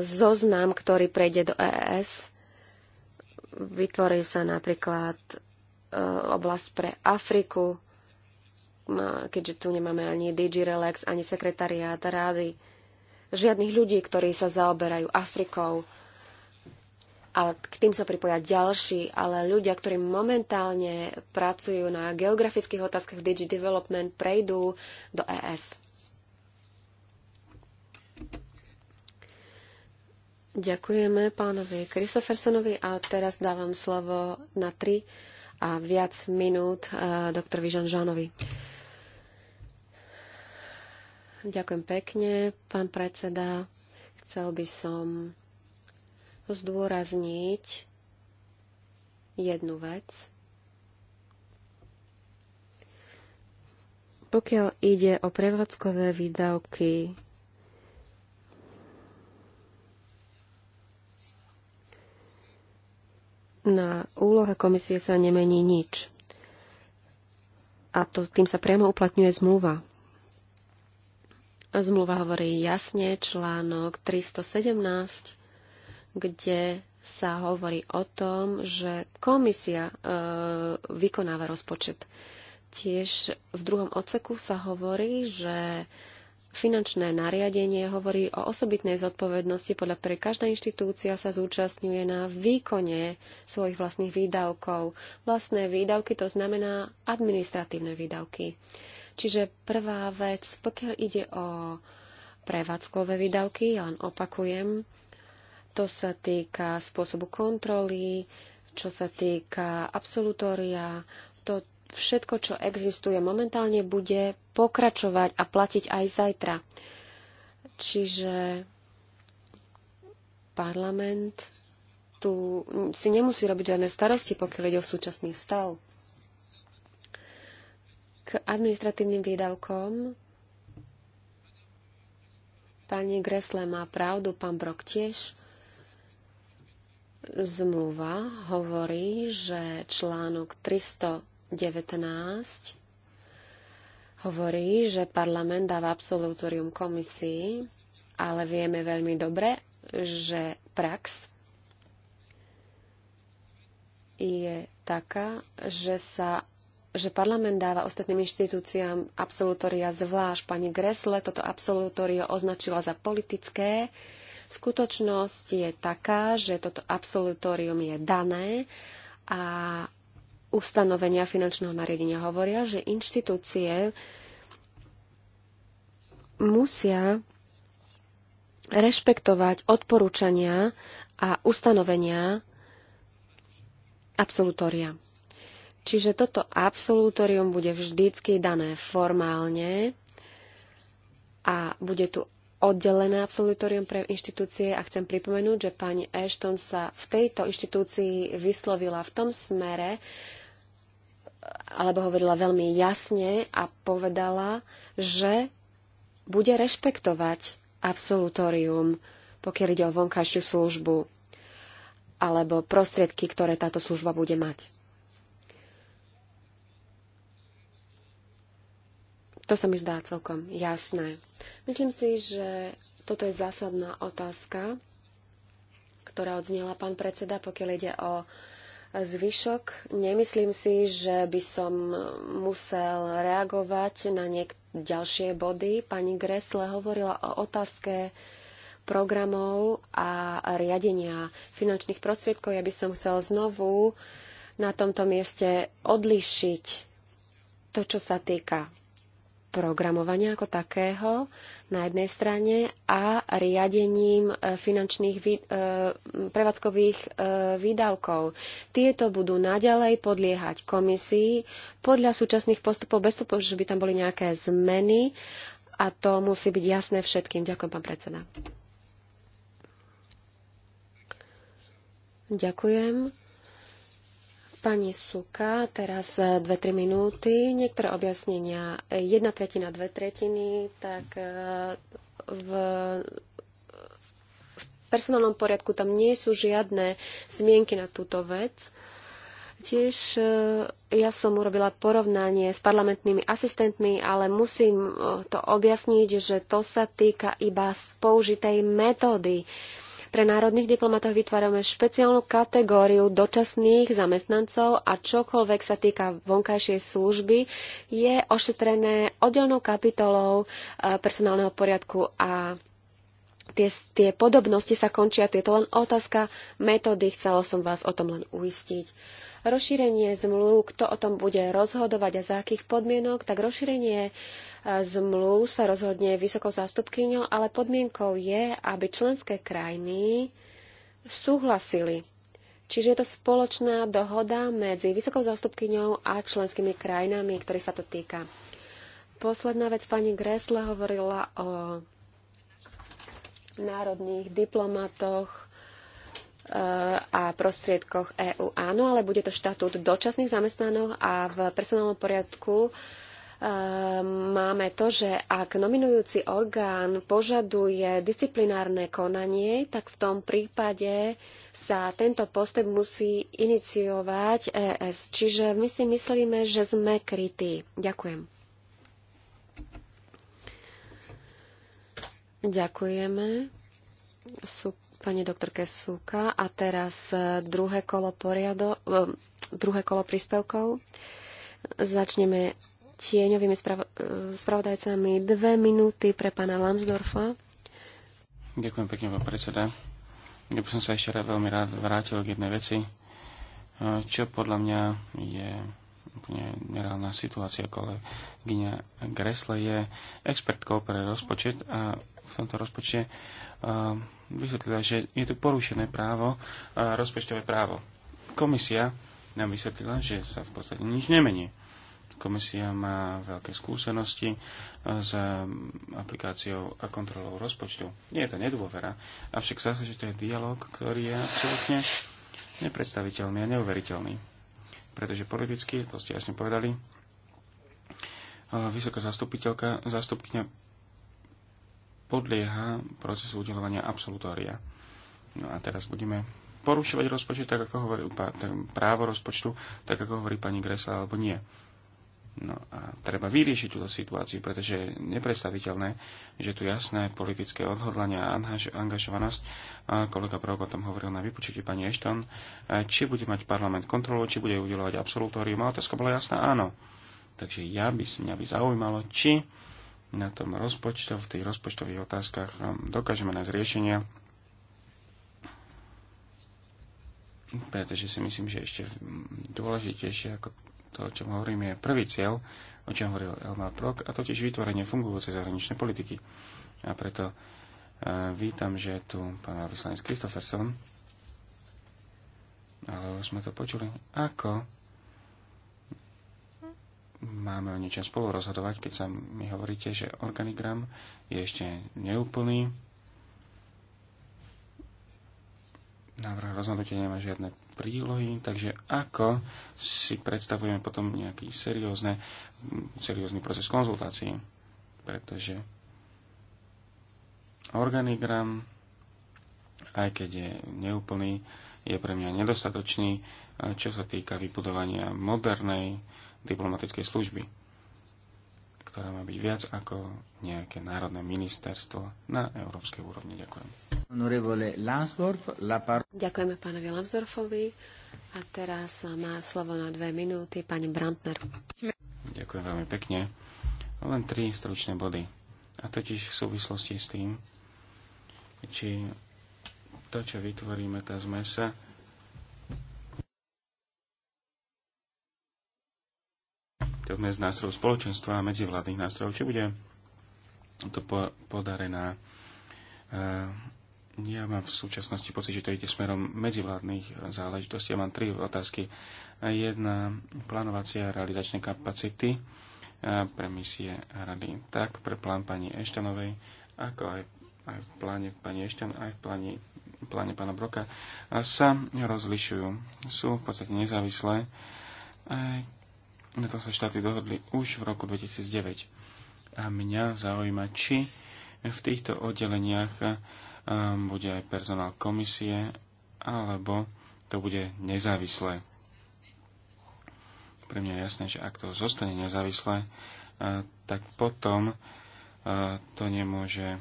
zoznam, ktorý prejde do EES. Vytvorí sa napríklad e, oblasť pre Afriku, keďže tu nemáme ani DG Relax, ani sekretariát rády, žiadnych ľudí, ktorí sa zaoberajú Afrikou ale k tým sa pripoja ďalší, ale ľudia, ktorí momentálne pracujú na geografických otázkach Digi Development, prejdú do ES. Ďakujeme pánovi Christophersonovi a teraz dávam slovo na tri a viac minút eh, doktorovi Žanžánovi. Ďakujem pekne, pán predseda. Chcel by som zdôrazniť jednu vec. Pokiaľ ide o prevádzkové výdavky, na úlohe komisie sa nemení nič. A to, tým sa priamo uplatňuje zmluva. A zmluva hovorí jasne, článok 317 kde sa hovorí o tom, že komisia e, vykonáva rozpočet. Tiež v druhom odseku sa hovorí, že finančné nariadenie hovorí o osobitnej zodpovednosti, podľa ktorej každá inštitúcia sa zúčastňuje na výkone svojich vlastných výdavkov. Vlastné výdavky to znamená administratívne výdavky. Čiže prvá vec, pokiaľ ide o prevádzkové výdavky, ja len opakujem, to sa týka spôsobu kontroly, čo sa týka absolutória. To všetko, čo existuje momentálne, bude pokračovať a platiť aj zajtra. Čiže parlament tu si nemusí robiť žiadne starosti, pokiaľ ide o súčasný stav. K administratívnym výdavkom pani Gresle má pravdu, pán Brok tiež zmluva hovorí, že článok 319 hovorí, že parlament dáva absolutorium komisii, ale vieme veľmi dobre, že prax je taká, že sa že parlament dáva ostatným inštitúciám absolutória zvlášť. Pani Gresle toto absolutório označila za politické, Skutočnosť je taká, že toto absolutórium je dané a ustanovenia finančného nariadenia hovoria, že inštitúcie musia rešpektovať odporúčania a ustanovenia absolutória. Čiže toto absolutórium bude vždycky dané formálne a bude tu oddelené absolutorium pre inštitúcie a chcem pripomenúť, že pani Ashton sa v tejto inštitúcii vyslovila v tom smere, alebo hovorila veľmi jasne a povedala, že bude rešpektovať absolutórium, pokiaľ ide o vonkajšiu službu alebo prostriedky, ktoré táto služba bude mať. To sa mi zdá celkom jasné. Myslím si, že toto je zásadná otázka, ktorá odznela pán predseda, pokiaľ ide o zvyšok. Nemyslím si, že by som musel reagovať na niek- ďalšie body. Pani Gresle hovorila o otázke programov a riadenia finančných prostriedkov. Ja by som chcel znovu na tomto mieste odlišiť to, čo sa týka programovania ako takého na jednej strane a riadením e, finančných vý, e, prevádzkových e, výdavkov. Tieto budú naďalej podliehať komisii podľa súčasných postupov, bez toho, že by tam boli nejaké zmeny a to musí byť jasné všetkým. Ďakujem, pán predseda. Ďakujem. Pani Suka, teraz eh, dve, tri minúty, niektoré objasnenia. Jedna tretina, dve tretiny, tak eh, v, v personálnom poriadku tam nie sú žiadne zmienky na túto vec. Tiež eh, ja som urobila porovnanie s parlamentnými asistentmi, ale musím to objasniť, že to sa týka iba použitej metódy. Uh, pre národných diplomatov vytvárame špeciálnu kategóriu dočasných zamestnancov a čokoľvek sa týka vonkajšej služby je ošetrené oddelnou kapitolou e, personálneho poriadku a tie, tie podobnosti sa končia. Tu je to len otázka metódy. Chcela som vás o tom len uistiť rozšírenie zmluv, kto o tom bude rozhodovať a za akých podmienok, tak rozšírenie e, zmluv sa rozhodne vysokou zástupkyňou, ale podmienkou je, aby členské krajiny súhlasili. Čiže je to spoločná dohoda medzi vysokou zástupkyňou a členskými krajinami, ktorý sa to týka. Posledná vec, pani Gressle hovorila o národných diplomatoch, Eh, a prostriedkoch EÚ. Áno, ale bude to štatút dočasných zamestnanov a v personálnom poriadku eh, máme to, že ak nominujúci orgán požaduje disciplinárne konanie, tak v tom prípade sa tento postup musí iniciovať ES. Čiže my si myslíme, že sme krytí. Ďakujem. Ďakujeme sú pani doktorke Súka a teraz e, druhé kolo, poriado, e, druhé kolo príspevkov. Začneme tieňovými spravo, e, spravodajcami. Dve minúty pre pána Lambsdorfa. Ďakujem pekne, pán predseda. Ja by som sa ešte rád, veľmi rád vrátil k jednej veci, čo podľa mňa je úplne nereálna situácia, kolegyňa Gresle je expertkou pre rozpočet a v tomto rozpočte vysvetlila, že je to porušené právo, rozpočtové právo. Komisia nám vysvetlila, že sa v podstate nič nemení. Komisia má veľké skúsenosti e, s aplikáciou a kontrolou rozpočtu. Nie je to nedôvera, avšak sa, že to je dialog, ktorý je absolútne nepredstaviteľný a neuveriteľný. Pretože politicky, to ste jasne povedali, e, vysoká zastupiteľka, zastupkňa podlieha procesu udelovania absolutória. No a teraz budeme porušovať rozpočet, tak ako hovorí, právo rozpočtu, tak ako hovorí pani Gresa, alebo nie. No a treba vyriešiť túto situáciu, pretože je nepredstaviteľné, že tu jasné politické odhodlania a angažovanosť, a kolega Prok o tom hovoril na vypočutí pani Ešton, či bude mať parlament kontrolu, či bude udelovať absolutórium. A otázka bola jasná, áno. Takže ja by, mňa by zaujímalo, či na tom rozpočto v tých rozpočtových otázkach um, dokážeme nájsť riešenia, pretože si myslím, že ešte dôležitejšie ako to, o čom hovorím, je prvý cieľ, o čom hovoril Elmar Prok a totiž vytvorenie fungujúcej zahraničnej politiky. A preto uh, vítam, že je tu pán vyslanec Kristofferson, ale už sme to počuli, ako máme o niečom spolu rozhodovať, keď sa mi hovoríte, že organigram je ešte neúplný. Návrh rozhodnutia nemá žiadne prílohy, takže ako si predstavujeme potom nejaký seriózne, seriózny proces konzultácií, pretože organigram, aj keď je neúplný, je pre mňa nedostatočný, čo sa týka vybudovania modernej diplomatickej služby, ktorá má byť viac ako nejaké národné ministerstvo na európskej úrovni. Ďakujem. Ďakujeme pánovi Lansdorfovi. A teraz má slovo na dve minúty pani Brantner. Ďakujem veľmi pekne. Len tri stručné body. A totiž v súvislosti s tým, či to, čo vytvoríme, tá zmesa, z nástrojov spoločenstva a medzivládnych nástrojov, či bude to po, podarená. Eh, ja mám v súčasnosti pocit, že to ide smerom medzivládnych záležitostí. Ja mám tri otázky. Jedna, plánovacia a realizačné kapacity eh, pre misie rady. Tak pre plán pani Eštanovej, ako aj, aj v pláne pani Ešťan, aj v pláne, pláne pána Broka, eh, sa rozlišujú. Sú v podstate nezávislé, na to sa štáty dohodli už v roku 2009. A mňa zaujíma, či v týchto oddeleniach um, bude aj personál komisie, alebo to bude nezávislé. Pre mňa je jasné, že ak to zostane nezávislé, uh, tak potom uh, to nemôže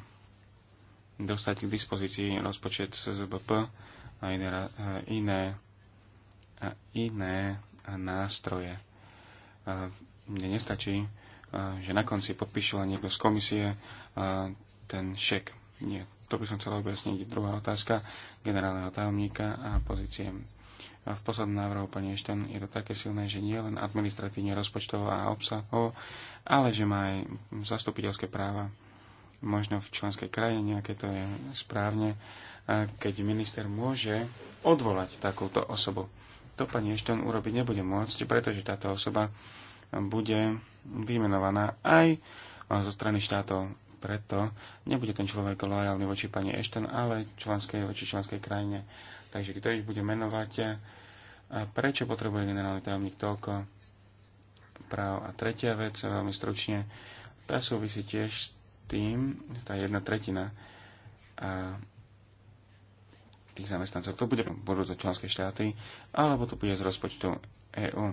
dostať k dispozícii rozpočet SZBP a iné, a uh, iné, a iné nástroje mne nestačí, že na konci podpíšila len niekto z komisie ten šek. Nie, to by som chcel objasniť. Druhá otázka generálneho tajomníka a pozície. A v poslednom návrhu pani Ešten je to také silné, že nie len administratívne rozpočtovo a obsahovo, ale že má aj zastupiteľské práva možno v členskej krajine, nejaké to je správne, keď minister môže odvolať takúto osobu to pani Ešton urobiť nebude môcť, pretože táto osoba bude vymenovaná aj zo strany štátov. Preto nebude ten človek lojálny voči pani Ešton, ale členskej, voči členskej krajine. Takže kto ich bude menovať a prečo potrebuje generálny tajomník toľko práv. A tretia vec, veľmi stručne, tá súvisí tiež s tým, tá jedna tretina a tých zamestnancov. To bude, budú to členské štáty, alebo to bude z rozpočtu EÚ.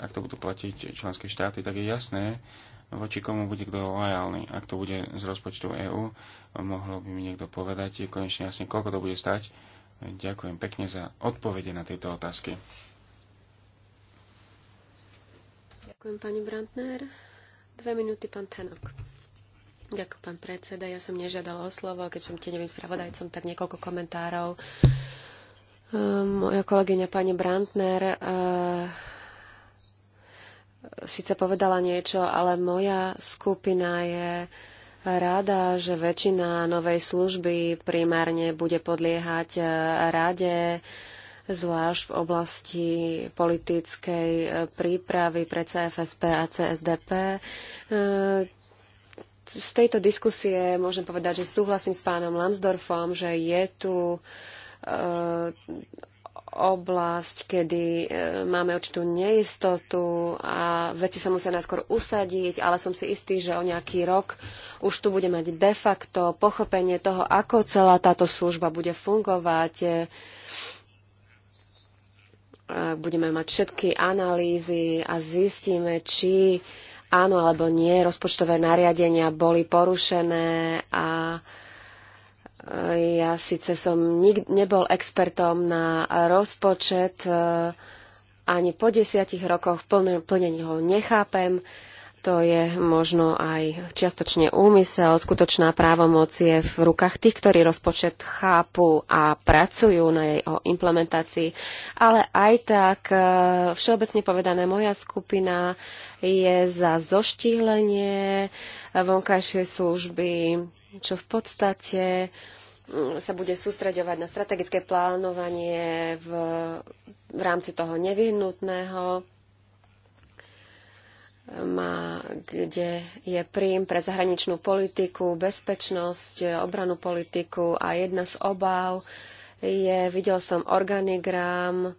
Ak to budú platiť členské štáty, tak je jasné, voči komu bude kto lojálny. Ak to bude z rozpočtu EÚ, mohlo by mi niekto povedať, je konečne jasne, koľko to bude stať. Ďakujem pekne za odpovede na tieto otázky. Ďakujem pani Brandner. Dve minúty pán Tenok. Ďakujem, pán predseda. Ja som nežiadala o slovo, keď som tenevým spravodajcom, tak niekoľko komentárov. Ehm, moja kolegyňa pani Brandner eh, síce povedala niečo, ale moja skupina je rada, že väčšina novej služby primárne bude podliehať eh, rade, zvlášť v oblasti politickej eh, prípravy pre CFSP a CSDP z tejto diskusie môžem povedať, že súhlasím s pánom Lansdorfom, že je tu eh, oblasť, kedy eh, máme určitú neistotu a veci sa musia najskôr usadiť, ale som si istý, že o nejaký rok už tu bude mať de facto pochopenie toho, ako celá táto služba bude fungovať. Eh, budeme mať všetky analýzy a zistíme, či áno alebo nie, rozpočtové nariadenia boli porušené a e, ja síce som nik- nebol expertom na rozpočet, e, ani po desiatich rokoch plne, plne ho nechápem to je možno aj čiastočne úmysel. Skutočná právomoc je v rukách tých, ktorí rozpočet chápu a pracujú na o implementácii. Ale aj tak, e, všeobecne povedané, moja skupina je za zoštíhlenie e, vonkajšej služby, čo v podstate mm, sa bude sústreďovať na strategické plánovanie v, v rámci toho nevyhnutného má, kde je príjm pre zahraničnú politiku, bezpečnosť, obranú politiku a jedna z obáv je, videl som organigram,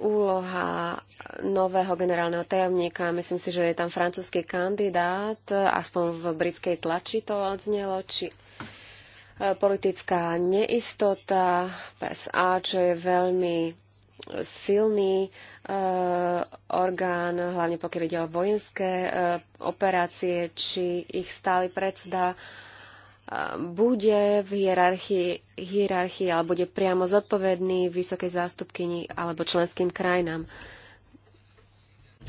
úloha nového generálneho tajomníka. Myslím si, že je tam francúzsky kandidát, aspoň v britskej tlači to odznelo, či e, politická neistota, PSA, čo je veľmi silný Eh, orgán, hlavne pokiaľ ide o vojenské eh, operácie, či ich stály predseda eh, bude v hierarchii, hierarchii alebo bude priamo zodpovedný vysokej zástupkyni alebo členským krajinám.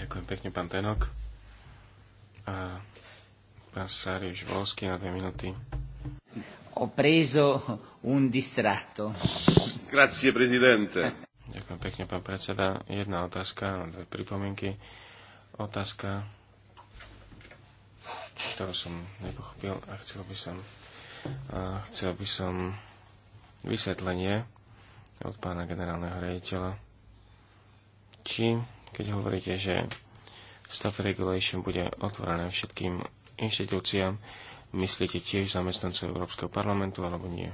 Ďakujem pekne, pán Tenok. A pán Sáriš Volsky na dve minúty. Ho preso un distratto. Grazie, presidente. Ďakujem pekne, pán predseda. Jedna otázka, dve pripomienky. Otázka, ktorú som nepochopil a chcel by som, a chcel by som vysvetlenie od pána generálneho rejiteľa. Či, keď hovoríte, že staff regulation bude otvorené všetkým inštitúciám, myslíte tiež zamestnancov Európskeho parlamentu alebo nie?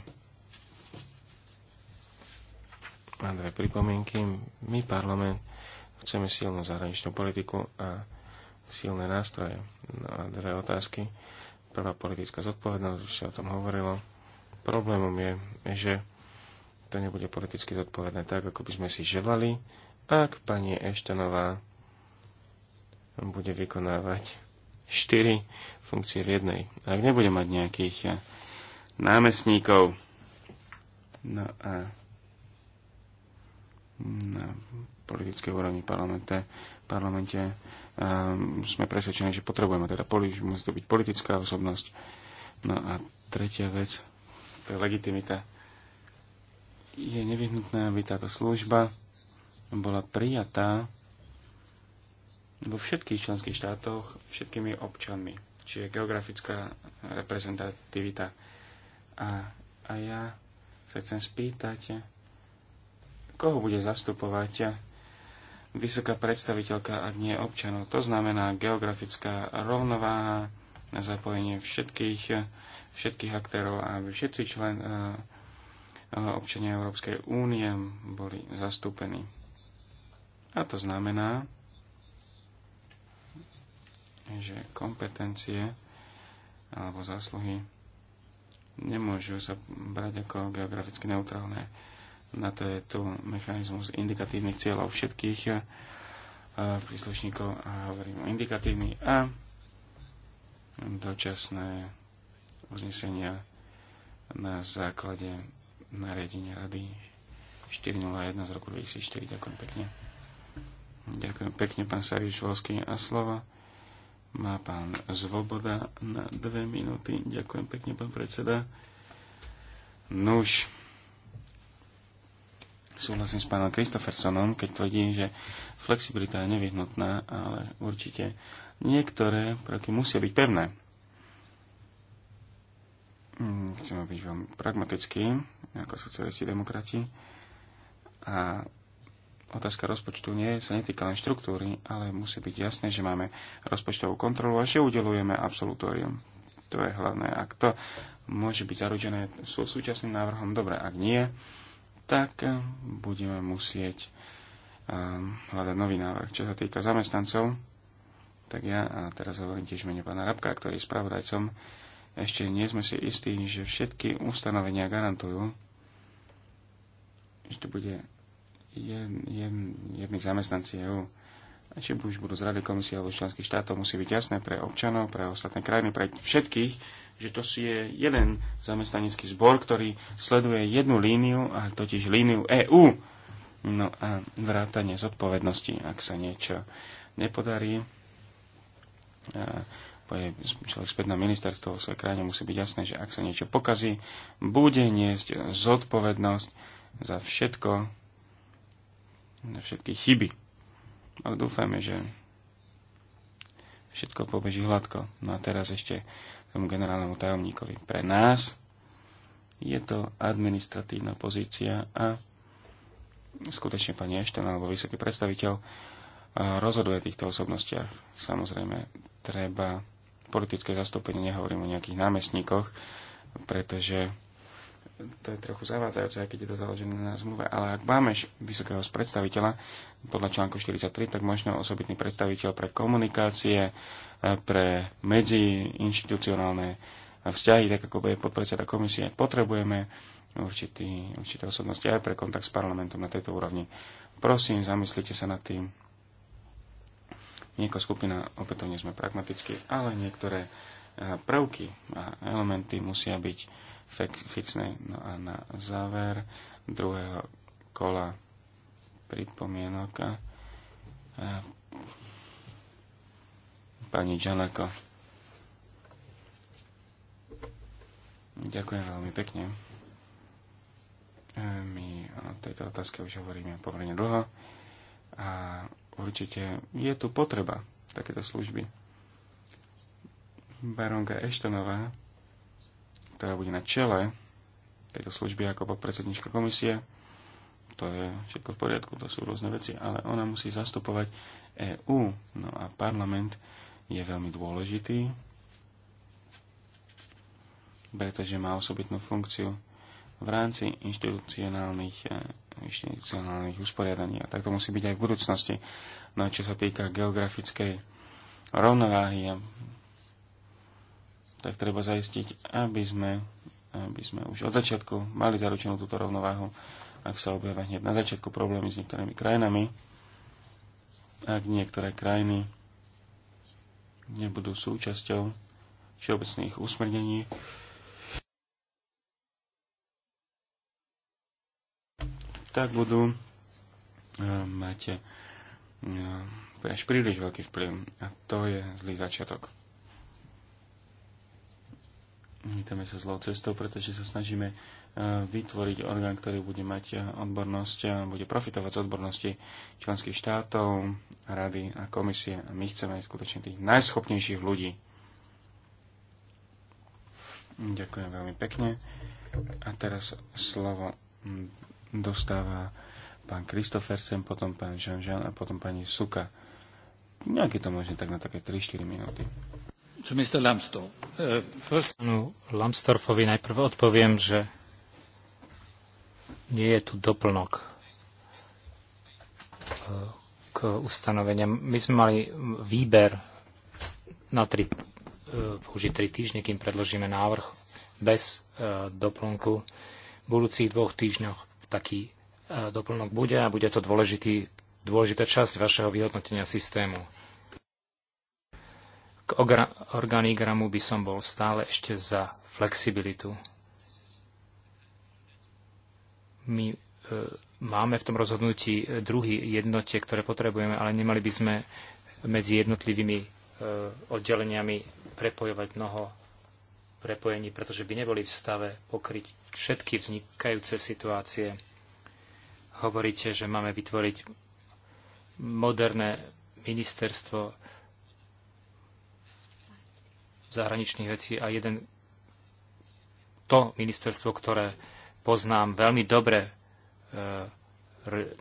Mám dve pripomienky. My, parlament, chceme silnú zahraničnú politiku a silné nástroje. No a dve otázky. Prvá politická zodpovednosť, už sa o tom hovorilo. Problémom je, že to nebude politicky zodpovedné tak, ako by sme si želali, ak pani Eštanová bude vykonávať štyri funkcie v jednej. Ak nebude mať nejakých eh, námestníkov. No a na politickej úrovni v parlamente, v parlamente um, sme presvedčení, že potrebujeme teda politi- musí to byť politická osobnosť. No a tretia vec, to je legitimita. Je nevyhnutné, aby táto služba bola prijatá vo všetkých členských štátoch všetkými občanmi. Čiže geografická reprezentativita. A, a ja sa chcem spýtať, koho bude zastupovať vysoká predstaviteľka, ak nie občanov. To znamená geografická rovnováha na zapojenie všetkých, všetkých aktérov, aby všetci člen, eh, občania Európskej únie boli zastúpení. A to znamená, že kompetencie alebo zásluhy nemôžu sa brať ako geograficky neutrálne na to je tu mechanizmus indikatívnych cieľov všetkých eh, príslušníkov a hovorím o indikatívny a dočasné uznesenia na základe nariadenia Rady 401 z roku 2004. Ďakujem pekne. Ďakujem pekne, pán Savič Volský. A slova má pán Zvoboda na dve minúty. Ďakujem pekne, pán predseda. Nuž. No súhlasím s pánom Kristofersonom, keď tvrdím, že flexibilita je nevyhnutná, ale určite niektoré kroky musia byť pevné. Mm, chcem byť veľmi pragmatický, ako socialisti demokrati. A otázka rozpočtu nie sa netýka len štruktúry, ale musí byť jasné, že máme rozpočtovú kontrolu a že udelujeme absolutórium. To je hlavné. Ak to môže byť zaručené sú súčasným návrhom, dobre, ak nie, tak eh, budeme musieť eh, hľadať nový návrh. Čo sa týka zamestnancov, tak ja a teraz hovorím tiež mene pána Rabka, ktorý je spravodajcom. Ešte nie sme si istí, že všetky ustanovenia garantujú, že to bude jed, jed, jedný zamestnanci EU či už budú z Rady komisie alebo členských štátov, musí byť jasné pre občanov, pre ostatné krajiny, pre všetkých, že to si je jeden zamestnanecký zbor, ktorý sleduje jednu líniu, a totiž líniu EÚ. No a vrátanie zodpovednosti, ak sa niečo nepodarí, je človek späť na ministerstvo vo svojej krajine, musí byť jasné, že ak sa niečo pokazí, bude niesť zodpovednosť za všetko, za všetky chyby ale dúfame, že všetko pobeží hladko. No a teraz ešte tomu generálnemu tajomníkovi. Pre nás je to administratívna pozícia a skutočne pani Ešten alebo vysoký predstaviteľ eh, rozhoduje o týchto osobnostiach. Samozrejme, treba politické zastúpenie, nehovorím o nejakých námestníkoch, pretože to je trochu zavádzajúce, aj keď je to založené na zmluve, ale ak máme vysokého predstaviteľa podľa článku 43, tak možno osobitný predstaviteľ pre komunikácie, e, pre medziinštitucionálne vzťahy, tak ako bude podpredseda komisie, potrebujeme určitý, určité osobnosti aj pre kontakt s parlamentom na tejto úrovni. Prosím, zamyslite sa nad tým. Nieko skupina, opätovne sme pragmaticky, ale niektoré e, prvky a elementy musia byť fixnej. No a na záver druhého kola pripomienoka eh, pani Džanako. Ďakujem veľmi pekne. Eh, my o tejto otázke už hovoríme pomerne dlho a určite je tu potreba takéto služby. Baronka Eštonová ktorá bude na čele tejto služby ako podpredsednička komisie. To je všetko v poriadku, to sú rôzne veci, ale ona musí zastupovať EÚ. No a parlament je veľmi dôležitý, pretože má osobitnú funkciu v rámci inštitucionálnych, eh, inštitucionálnych usporiadaní. A tak to musí byť aj v budúcnosti. No a čo sa týka geografickej rovnováhy a tak treba zaistiť, aby sme, aby sme už od začiatku mali zaručenú túto rovnováhu, ak sa objavia hneď na začiatku problémy s niektorými krajinami, ak niektoré krajiny nebudú súčasťou všeobecných usmernení, tak budú e, mať e, až príliš veľký vplyv. A to je zlý začiatok. Vítame sa zlou cestou, pretože sa snažíme e, vytvoriť orgán, ktorý bude mať e, odbornosť a e, bude profitovať z odbornosti členských štátov, rady a komisie. A my chceme aj skutočne tých najschopnejších ľudí. Ďakujem veľmi pekne. A teraz slovo dostáva pán Kristofersen, potom pán Žanžan a potom pani Suka. Nejaké to možno tak na také 3-4 minúty to Mr. Lambsdorff. E, first... Panu Lambsdorffovi najprv odpoviem, že nie je tu doplnok e, k ustanoveniam. My sme mali výber na tri, použiť e, tri týždne, kým predložíme návrh bez doplnku. V budúcich dvoch týždňoch taký doplnok bude a bude to dôležitý, dôležitá časť vašeho vyhodnotenia systému k organigramu by som bol stále ešte za flexibilitu. My e, máme v tom rozhodnutí druhý jednotie, ktoré potrebujeme, ale nemali by sme medzi jednotlivými e, oddeleniami prepojovať mnoho prepojení, pretože by neboli v stave pokryť všetky vznikajúce situácie. Hovoríte, že máme vytvoriť moderné ministerstvo zahraničných vecí a jeden to ministerstvo, ktoré poznám veľmi dobre, e,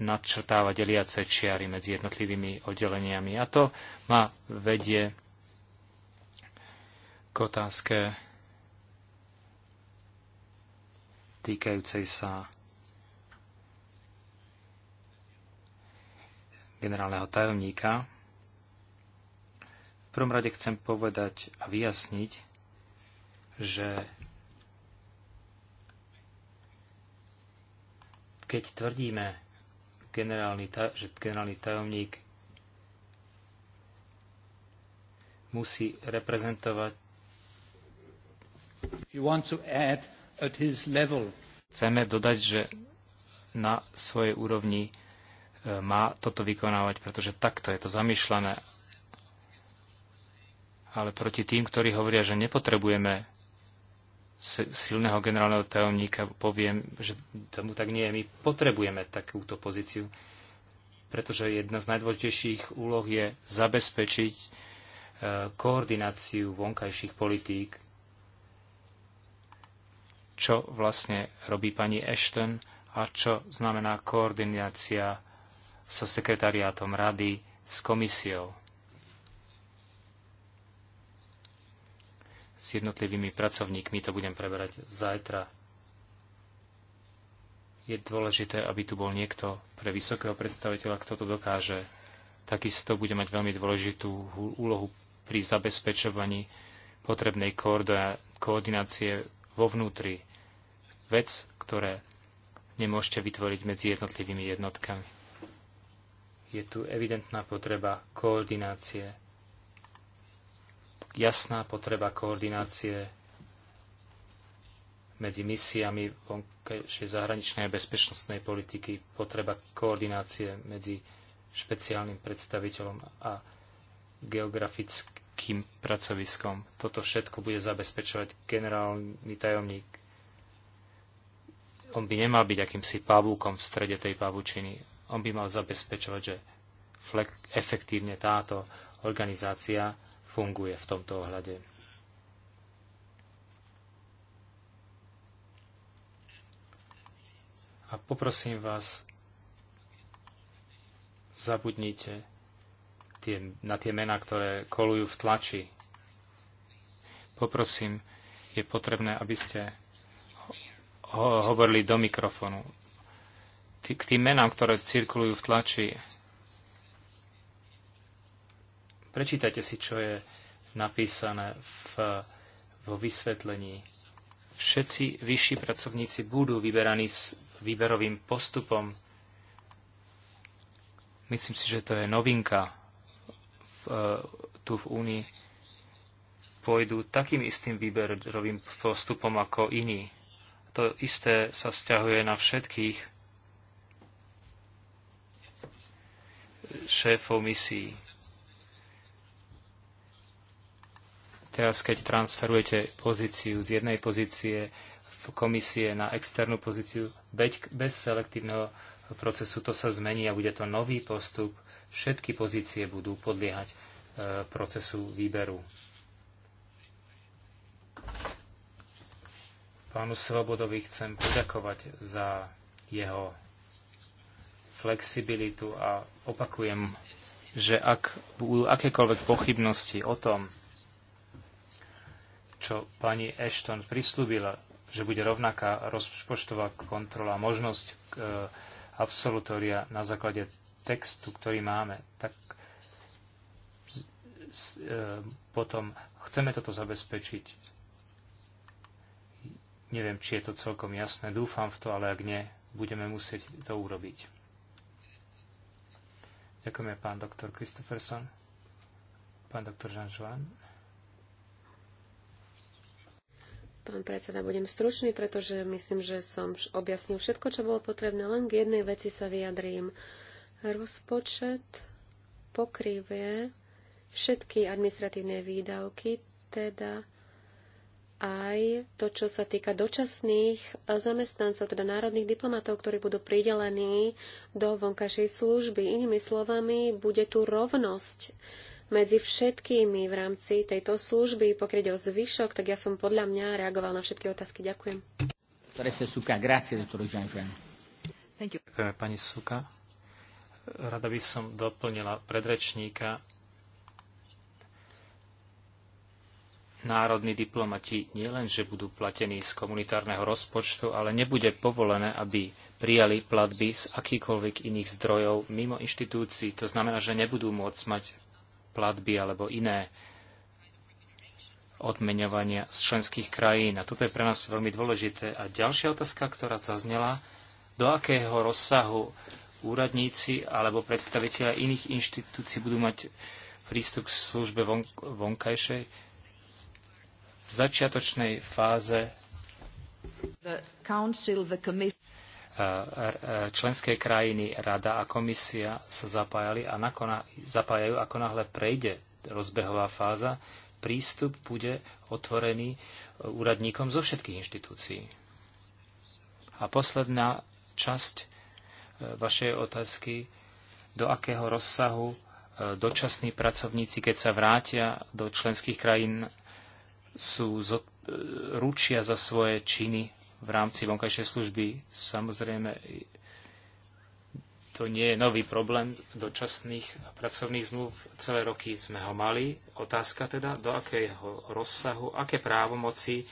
nadčrtáva deliace čiary medzi jednotlivými oddeleniami. A to ma vedie k otázke týkajúcej sa generálneho tajomníka prvom rade chcem povedať a vyjasniť, že keď tvrdíme, generálny, že generálny tajomník musí reprezentovať Chceme dodať, že na svojej úrovni e, má toto vykonávať, pretože takto je to zamýšľané ale proti tým, ktorí hovoria, že nepotrebujeme silného generálneho tajomníka, poviem, že tomu tak nie je. My potrebujeme takúto pozíciu, pretože jedna z najdôležitejších úloh je zabezpečiť e, koordináciu vonkajších politík, čo vlastne robí pani Ashton a čo znamená koordinácia so sekretariátom rady s komisiou s jednotlivými pracovníkmi. To budem preberať zajtra. Je dôležité, aby tu bol niekto pre vysokého predstaviteľa, kto to dokáže. Takisto bude mať veľmi dôležitú úlohu pri zabezpečovaní potrebnej koordinácie vo vnútri. Vec, ktoré nemôžete vytvoriť medzi jednotlivými jednotkami. Je tu evidentná potreba koordinácie jasná potreba koordinácie medzi misiami vonkajšej zahraničnej a bezpečnostnej politiky, potreba koordinácie medzi špeciálnym predstaviteľom a geografickým pracoviskom. Toto všetko bude zabezpečovať generálny tajomník. On by nemal byť akýmsi pavúkom v strede tej pavúčiny, On by mal zabezpečovať, že efektívne táto organizácia funguje v tomto ohľade. A poprosím vás, zabudnite tie, na tie mená, ktoré kolujú v tlači. Poprosím, je potrebné, aby ste ho- hovorili do mikrofonu. T- k tým menám, ktoré cirkulujú v tlači, Prečítajte si, čo je napísané v, vo vysvetlení. Všetci vyšší pracovníci budú vyberaní s výberovým postupom. Myslím si, že to je novinka v, e, tu v Únii. Pôjdu takým istým výberovým postupom ako iní. To isté sa vzťahuje na všetkých šéfov misií Teraz, keď transferujete pozíciu z jednej pozície v komisie na externú pozíciu bez selektívneho procesu, to sa zmení a bude to nový postup. Všetky pozície budú podliehať e, procesu výberu. Pánu Svobodovi chcem poďakovať za jeho flexibilitu a opakujem, že ak budú akékoľvek pochybnosti o tom, čo pani Ashton prislúbila, že bude rovnaká rozpočtová kontrola, možnosť e, absolutória na základe textu, ktorý máme, tak e, potom chceme toto zabezpečiť. Neviem, či je to celkom jasné, dúfam v to, ale ak nie, budeme musieť to urobiť. Ďakujeme pán doktor Christopherson, pán doktor Jean-Joan. Pán predseda, budem stručný, pretože myslím, že som objasnil všetko, čo bolo potrebné. Len k jednej veci sa vyjadrím. Rozpočet pokrývie všetky administratívne výdavky, teda aj to, čo sa týka dočasných zamestnancov, teda národných diplomatov, ktorí budú pridelení do vonkajšej služby. Inými slovami, bude tu rovnosť medzi všetkými v rámci tejto služby. pokryť o zvyšok, tak ja som podľa mňa reagoval na všetky otázky. Ďakujem. Ďakujem, pani Suka. Rada by som doplnila predrečníka. Národní diplomati že budú platení z komunitárneho rozpočtu, ale nebude povolené, aby prijali platby z akýkoľvek iných zdrojov mimo inštitúcií. To znamená, že nebudú môcť mať platby alebo iné odmeňovania z členských krajín. A toto je pre nás veľmi dôležité. A ďalšia otázka, ktorá zaznela, do akého rozsahu úradníci alebo predstaviteľe iných inštitúcií budú mať prístup k službe von, vonkajšej v začiatočnej fáze. The council, the E, členské krajiny, rada a komisia sa zapájali a nakona, zapájajú, ako náhle prejde rozbehová fáza, prístup bude otvorený e, úradníkom zo všetkých inštitúcií. A posledná časť e, vašej otázky, do akého rozsahu dočasní pracovníci, keď sa vrátia do členských krajín, sú ručia za svoje činy v rámci vonkajšej služby. Samozrejme, to nie je nový problém dočasných pracovných zmluv. Celé roky sme ho mali. Otázka teda, do akého rozsahu, aké právomoci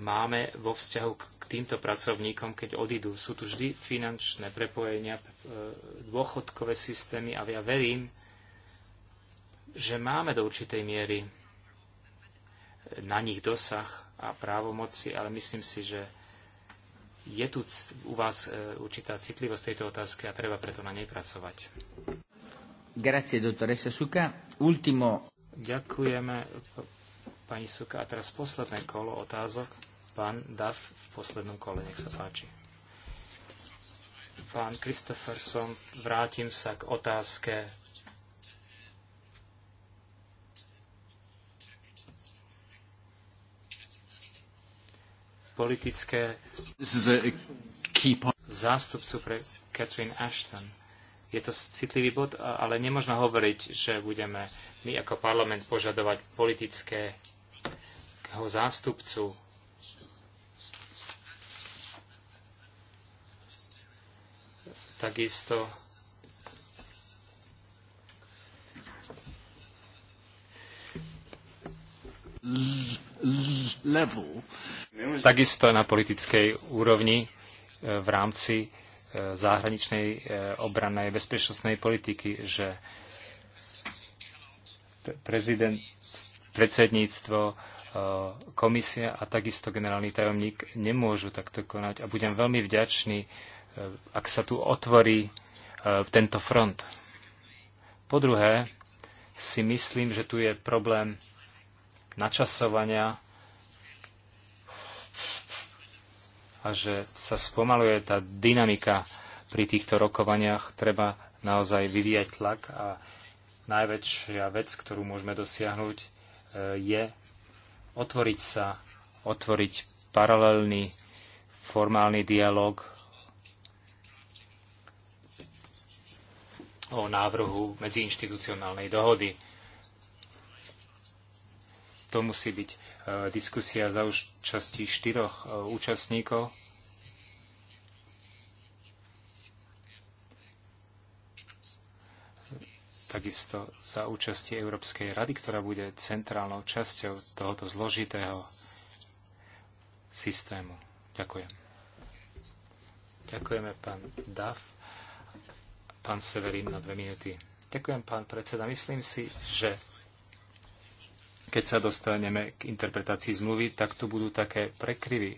máme vo vzťahu k týmto pracovníkom, keď odídu. Sú tu vždy finančné prepojenia, e, dôchodkové systémy a ja verím, že máme do určitej miery na nich dosah a právomoci, ale myslím si, že je tu u vás e, určitá citlivosť tejto otázky a treba preto na nej pracovať. Grazie, dottoressa Suka. Ultimo. Ďakujeme, pani Suka. A teraz posledné kolo otázok. Pán Dav v poslednom kole, nech sa páči. Pán Kristofferson, vrátim sa k otázke politické zástupcu pre Catherine Ashton. Je to citlivý bod, ale nemôžno hovoriť, že budeme my ako parlament požadovať politického zástupcu takisto level takisto na politickej úrovni e, v rámci e, zahraničnej e, obrannej bezpečnostnej politiky, že prezident, predsedníctvo, komisia a takisto generálny tajomník nemôžu takto konať. A budem veľmi vďačný, ak sa tu otvorí tento front. Po druhé, si myslím, že tu je problém načasovania a že sa spomaluje tá dynamika pri týchto rokovaniach. Treba naozaj vyvíjať tlak a najväčšia vec, ktorú môžeme dosiahnuť, e, je otvoriť sa, otvoriť paralelný formálny dialog o návrhu medziinstitucionálnej dohody. To musí byť e, diskusia za účasti štyroch e, účastníkov. takisto za účasti Európskej rady, ktorá bude centrálnou časťou tohoto zložitého systému. Ďakujem. Ďakujeme pán Dav. Pán Severin, na dve minúty. Ďakujem, pán predseda. Myslím si, že keď sa dostaneme k interpretácii zmluvy, tak tu budú také prekryvy.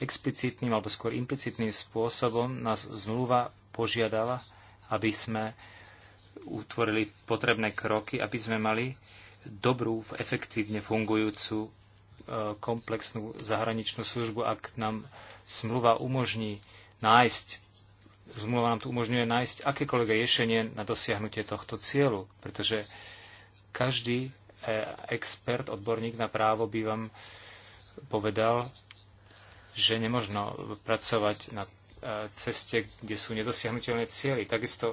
Explicitným alebo skôr implicitným spôsobom nás zmluva požiadala, aby sme utvorili potrebné kroky, aby sme mali dobrú, efektívne fungujúcu e, komplexnú zahraničnú službu, ak nám smluva umožní nájsť, zmluva nám tu umožňuje nájsť akékoľvek riešenie na dosiahnutie tohto cieľu, pretože každý e, expert, odborník na právo by vám povedal, že nemožno pracovať na e, ceste, kde sú nedosiahnutelné cieľy. Takisto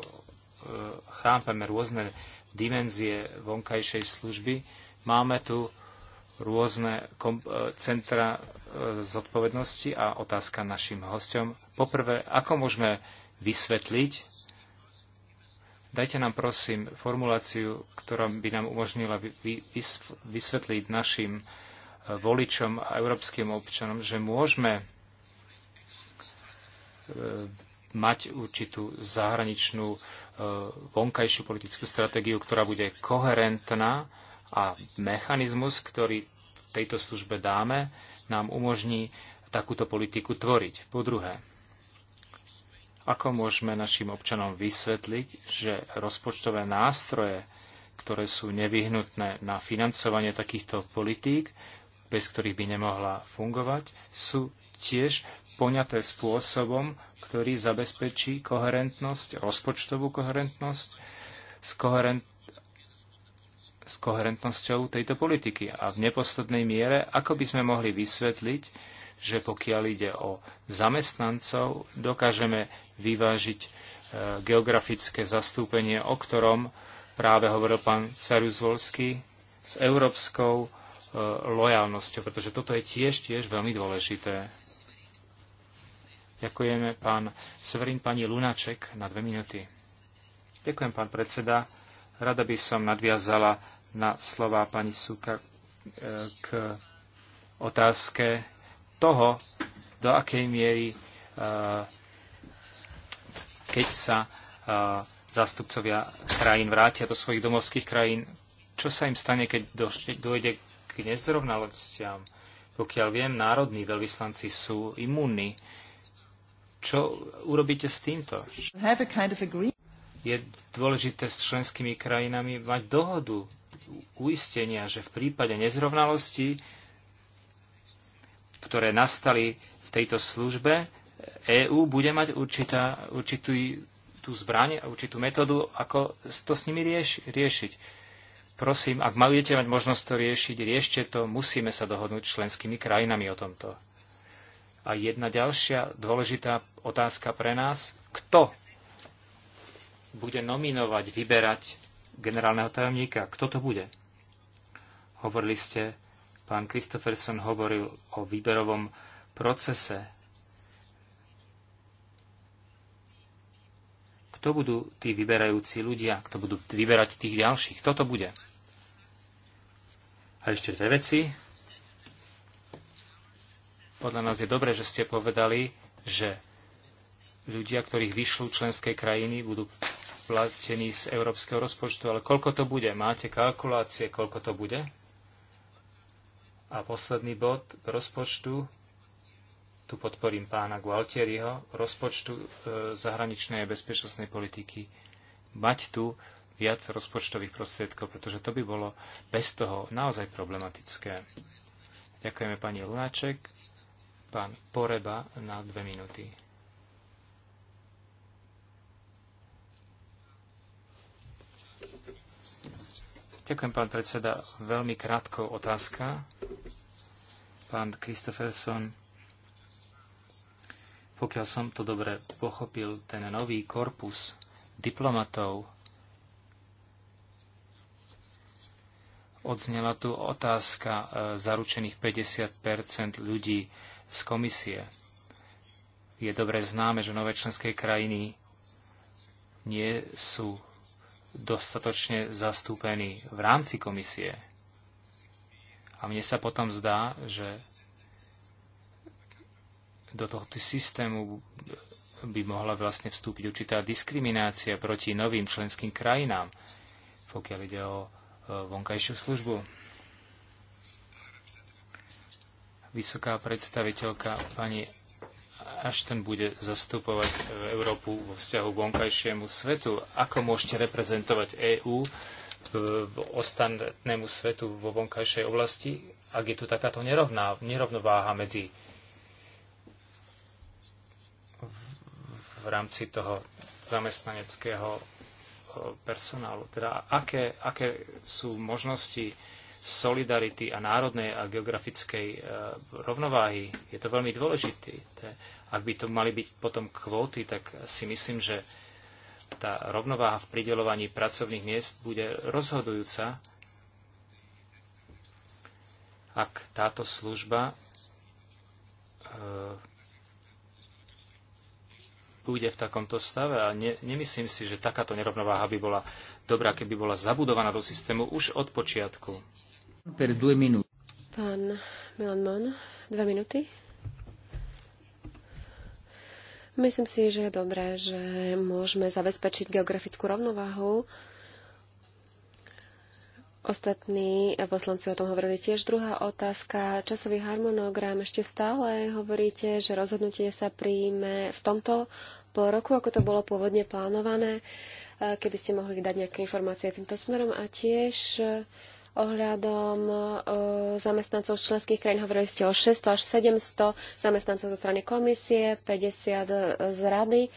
chápeme rôzne dimenzie vonkajšej služby. Máme tu rôzne e, centra e, zodpovednosti a otázka našim hostom. Poprvé, ako môžeme vysvetliť, dajte nám prosím formuláciu, ktorá by nám umožnila vysvetliť našim e, voličom a európskym občanom, že môžeme mať určitú zahraničnú e, vonkajšiu politickú stratégiu, ktorá bude koherentná a mechanizmus, ktorý tejto službe dáme, nám umožní takúto politiku tvoriť. Po druhé, ako môžeme našim občanom vysvetliť, že rozpočtové nástroje, ktoré sú nevyhnutné na financovanie takýchto politík, bez ktorých by nemohla fungovať, sú tiež poňaté spôsobom, ktorý zabezpečí koherentnosť, rozpočtovú koherentnosť s, koherent, s koherentnosťou tejto politiky. A v neposlednej miere, ako by sme mohli vysvetliť, že pokiaľ ide o zamestnancov, dokážeme vyvážiť e, geografické zastúpenie, o ktorom práve hovoril pán Saruzvolský, s európskou E, lojalnosťou, pretože toto je tiež, tiež veľmi dôležité. Ďakujeme pán Severin, pani Lunaček na dve minúty. Ďakujem, pán predseda. Rada by som nadviazala na slova pani Suka e, k otázke toho, do akej miery, e, keď sa zástupcovia krajín vrátia do svojich domovských krajín, čo sa im stane, keď dojde k k nezrovnalostiam. Pokiaľ viem, národní veľvyslanci sú imúnni. Čo urobíte s týmto? Je dôležité s členskými krajinami mať dohodu, uistenia, že v prípade nezrovnalosti, ktoré nastali v tejto službe, EÚ bude mať určitá, určitú tú zbraň a určitú metódu, ako to s nimi rieš, riešiť Prosím, ak budete mať možnosť to riešiť, riešte to, musíme sa dohodnúť s členskými krajinami o tomto. A jedna ďalšia dôležitá otázka pre nás, kto bude nominovať, vyberať generálneho tajomníka? Kto to bude? Hovorili ste, pán Christopherson hovoril o výberovom procese Kto budú tí vyberajúci ľudia? Kto budú vyberať tých ďalších? Kto to bude? A ešte dve veci. Podľa nás je dobré, že ste povedali, že ľudia, ktorých vyšľú členské krajiny, budú platení z európskeho rozpočtu. Ale koľko to bude? Máte kalkulácie, koľko to bude? A posledný bod rozpočtu tu podporím pána Gualtieriho, rozpočtu e, zahraničnej a bezpečnostnej politiky, mať tu viac rozpočtových prostriedkov, pretože to by bolo bez toho naozaj problematické. Ďakujeme pani Lunáček, pán Poreba na dve minúty. Ďakujem, pán predseda. Veľmi krátko otázka. Pán Kristoferson pokiaľ som to dobre pochopil, ten nový korpus diplomatov odznela tu otázka e, zaručených 50 ľudí z komisie. Je dobre známe, že nové členské krajiny nie sú dostatočne zastúpení v rámci komisie. A mne sa potom zdá, že do tohto systému by mohla vlastne vstúpiť určitá diskriminácia proti novým členským krajinám, pokiaľ ide o e, vonkajšiu službu. Vysoká predstaviteľka pani Ashton bude zastupovať e, Európu vo vzťahu k vonkajšiemu svetu. Ako môžete reprezentovať EÚ e, v ostatnému svetu vo vonkajšej oblasti, ak je tu takáto nerovná, nerovnováha medzi rámci toho zamestnaneckého personálu. Teda aké, aké sú možnosti solidarity a národnej a geografickej e, rovnováhy. Je to veľmi dôležité. Ak by to mali byť potom kvóty, tak si myslím, že tá rovnováha v pridelovaní pracovných miest bude rozhodujúca, ak táto služba e, bude v takomto stave a ne, nemyslím si, že takáto nerovnováha by bola dobrá, keby bola zabudovaná do systému už od počiatku. Per due minúty. Pán Milan Mon, dve minúty. Myslím si, že je dobré, že môžeme zabezpečiť geografickú rovnováhu Ostatní poslanci o tom hovorili tiež. Druhá otázka, časový harmonogram. Ešte stále hovoríte, že rozhodnutie sa príjme v tomto pol roku, ako to bolo pôvodne plánované. E, keby ste mohli dať nejaké informácie týmto smerom a tiež e, ohľadom e, zamestnancov členských krajín. Hovorili ste o 600 až 700 zamestnancov zo strany komisie, 50 z rady,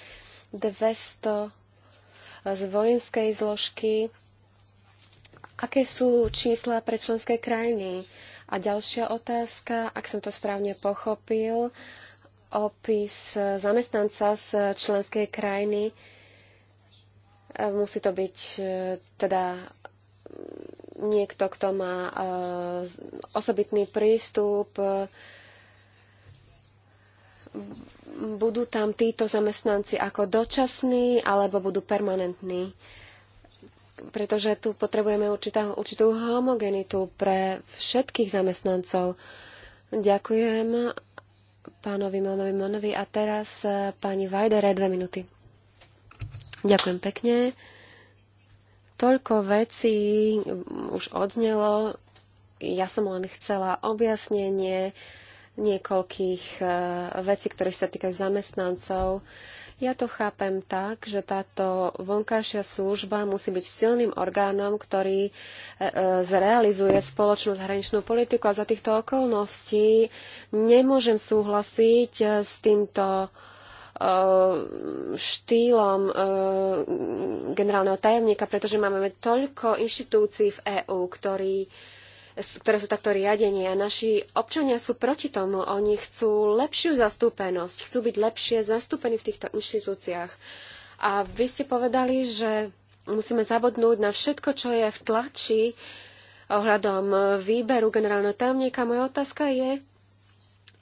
200 z vojenskej zložky Aké sú čísla pre členské krajiny? A ďalšia otázka, ak som to správne pochopil, opis zamestnanca z členskej krajiny e, musí to byť e, teda niekto, kto má e, osobitný prístup. Budú tam títo zamestnanci ako dočasní alebo budú permanentní? pretože tu potrebujeme určitá, určitú homogenitu pre všetkých zamestnancov. Ďakujem pánovi Milanovi Monovi a teraz eh, pani Vajdere dve minúty. Ďakujem pekne. Toľko vecí už odznelo. Ja som len chcela objasnenie niekoľkých eh, vecí, ktoré sa týkajú zamestnancov. Ja to chápem tak, že táto vonkajšia služba musí byť silným orgánom, ktorý e, e, zrealizuje spoločnú zahraničnú politiku a za týchto okolností nemôžem súhlasiť e, s týmto štýlom generálneho tajomníka, pretože máme toľko inštitúcií v EÚ, ktorí ktoré sú takto riadenie. A naši občania sú proti tomu. Oni chcú lepšiu zastúpenosť, chcú byť lepšie zastúpení v týchto inštitúciách. A vy ste povedali, že musíme zabudnúť na všetko, čo je v tlači ohľadom výberu generálneho tajomníka. Moja otázka je,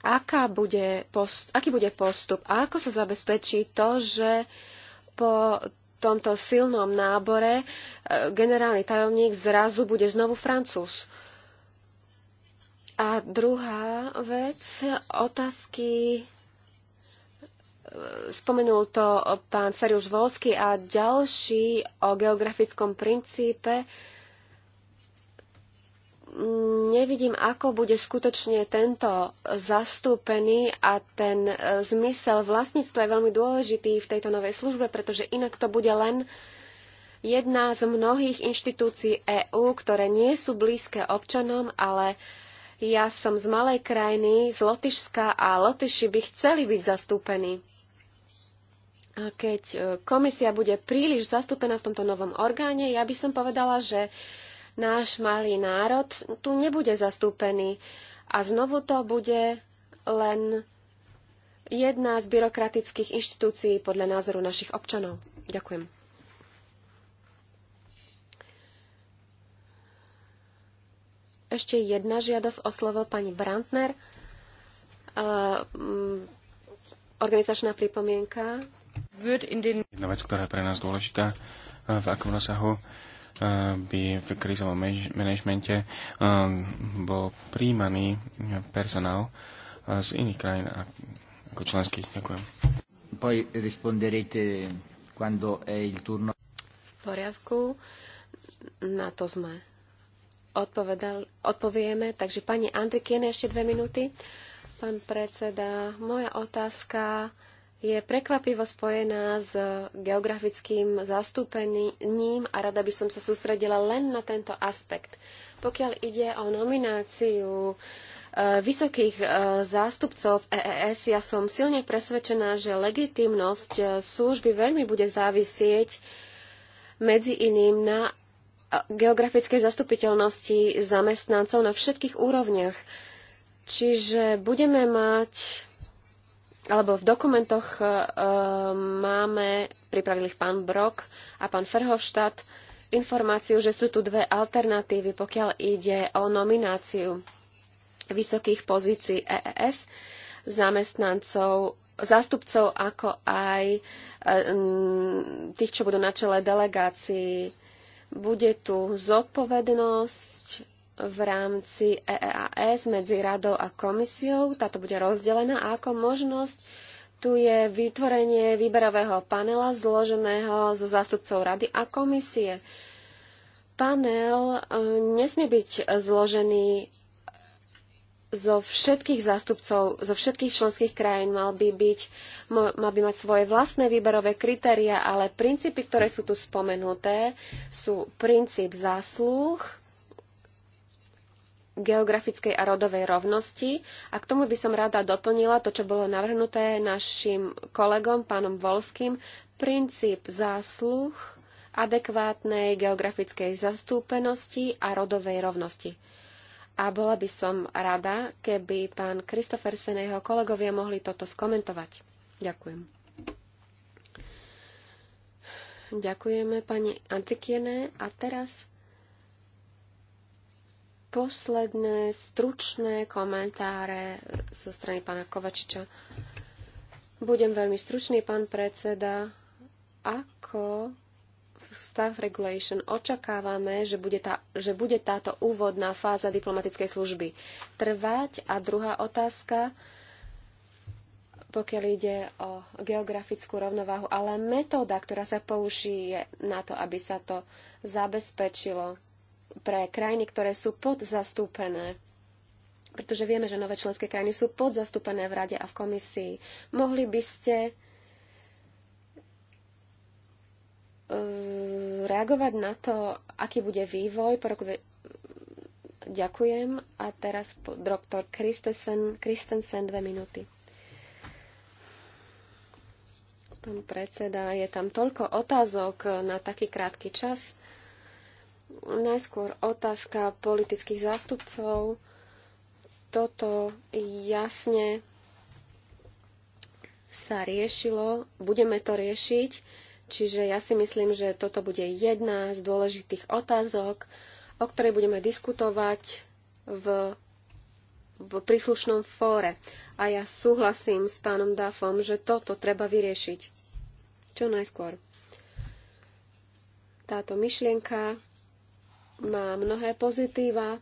aká bude post, aký bude postup a ako sa zabezpečí to, že po tomto silnom nábore eh, generálny tajomník zrazu bude znovu Francúz. A druhá vec, otázky e, spomenul to pán Sariuš Volsky a ďalší o geografickom princípe. Nevidím, ako bude skutočne tento zastúpený a ten e, zmysel vlastníctva je veľmi dôležitý v tejto novej službe, pretože inak to bude len jedna z mnohých inštitúcií EÚ, ktoré nie sú blízke občanom, ale ja som z malej krajiny, z Lotyšska a Lotyši by chceli byť zastúpení. A keď e, komisia bude príliš zastúpená v tomto novom orgáne, ja by som povedala, že náš malý národ tu nebude zastúpený. A znovu to bude len jedna z byrokratických inštitúcií podľa názoru našich občanov. Ďakujem. ešte jedna žiadosť oslovil pani Brantner. Mm, organizačná pripomienka. Jedna vec, ktorá je pre nás dôležitá, v akom rozsahu by v krizovom manažmente bol príjmaný personál z iných krajín ako členských. Ďakujem. V poriadku, na to sme odpovedal, odpovieme. Takže pani Andrikiene ešte dve minúty. Pán predseda, moja otázka je prekvapivo spojená s geografickým zastúpením a rada by som sa sústredila len na tento aspekt. Pokiaľ ide o nomináciu e, vysokých e, zástupcov EES, ja som silne presvedčená, že legitimnosť e, služby veľmi bude závisieť medzi iným na geografickej zastupiteľnosti zamestnancov na všetkých úrovniach. Čiže budeme mať, alebo v dokumentoch e, máme, pripravil ich pán Brok a pán Ferhovštát, informáciu, že sú tu dve alternatívy, pokiaľ ide o nomináciu vysokých pozícií EES zamestnancov, zástupcov, ako aj e, tých, čo budú na čele delegácií bude tu zodpovednosť v rámci EEAS medzi radou a komisiou. Táto bude rozdelená a ako možnosť tu je vytvorenie výberového panela zloženého zo zástupcov rady a komisie. Panel e, nesmie byť zložený zo všetkých zástupcov, zo všetkých členských krajín mal by, byť, mal by mať svoje vlastné výberové kritéria, ale princípy, ktoré sú tu spomenuté, sú princíp zásluh, geografickej a rodovej rovnosti. A k tomu by som rada doplnila to, čo bolo navrhnuté našim kolegom, pánom Volským, princíp zásluh, adekvátnej geografickej zastúpenosti a rodovej rovnosti a bola by som rada, keby pán Kristofersen a jeho kolegovia mohli toto skomentovať. Ďakujem. Ďakujeme pani Antikiene a teraz posledné stručné komentáre zo strany pána Kovačiča. Budem veľmi stručný, pán predseda. Ako staff regulation očakávame, že bude, tá, že bude táto úvodná fáza diplomatickej služby trvať. A druhá otázka, pokiaľ ide o geografickú rovnováhu, ale metóda, ktorá sa použije na to, aby sa to zabezpečilo pre krajiny, ktoré sú podzastúpené pretože vieme, že nové členské krajiny sú podzastúpené v Rade a v komisii. Mohli by ste reagovať na to, aký bude vývoj po roku... Ďakujem. A teraz doktor Kristensen, Kristensen dve minúty. Pán predseda, je tam toľko otázok na taký krátky čas. Najskôr otázka politických zástupcov. Toto jasne sa riešilo, budeme to riešiť Čiže ja si myslím, že toto bude jedna z dôležitých otázok, o ktorej budeme diskutovať v, v príslušnom fóre. A ja súhlasím s pánom Dafom, že toto treba vyriešiť. Čo najskôr. Táto myšlienka má mnohé pozitíva,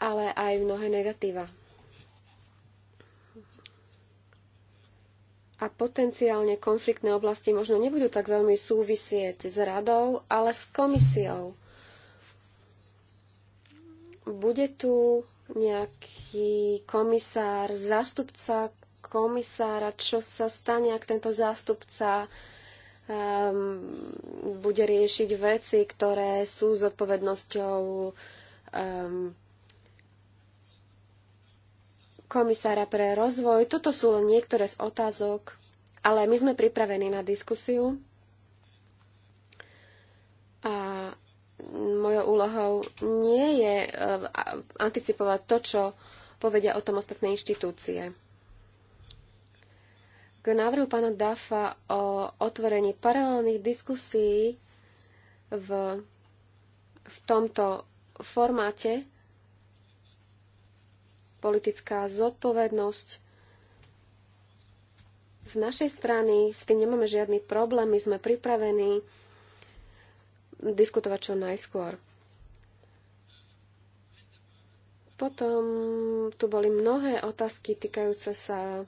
ale aj mnohé negatíva. a potenciálne konfliktné oblasti možno nebudú tak veľmi súvisieť s radou, ale s komisiou. Bude tu nejaký komisár, zástupca komisára, čo sa stane, ak tento zástupca um, bude riešiť veci, ktoré sú zodpovednosťou um, ehm, komisára pre rozvoj. Toto sú len niektoré z otázok, ale my sme pripravení na diskusiu. A mojou úlohou nie je e, anticipovať to, čo povedia o tom ostatné inštitúcie. K návrhu pána Dafa o otvorení paralelných diskusí v, v tomto formáte politická zodpovednosť. Z našej strany s tým nemáme žiadny problém, my sme pripravení diskutovať čo najskôr. Potom tu boli mnohé otázky týkajúce sa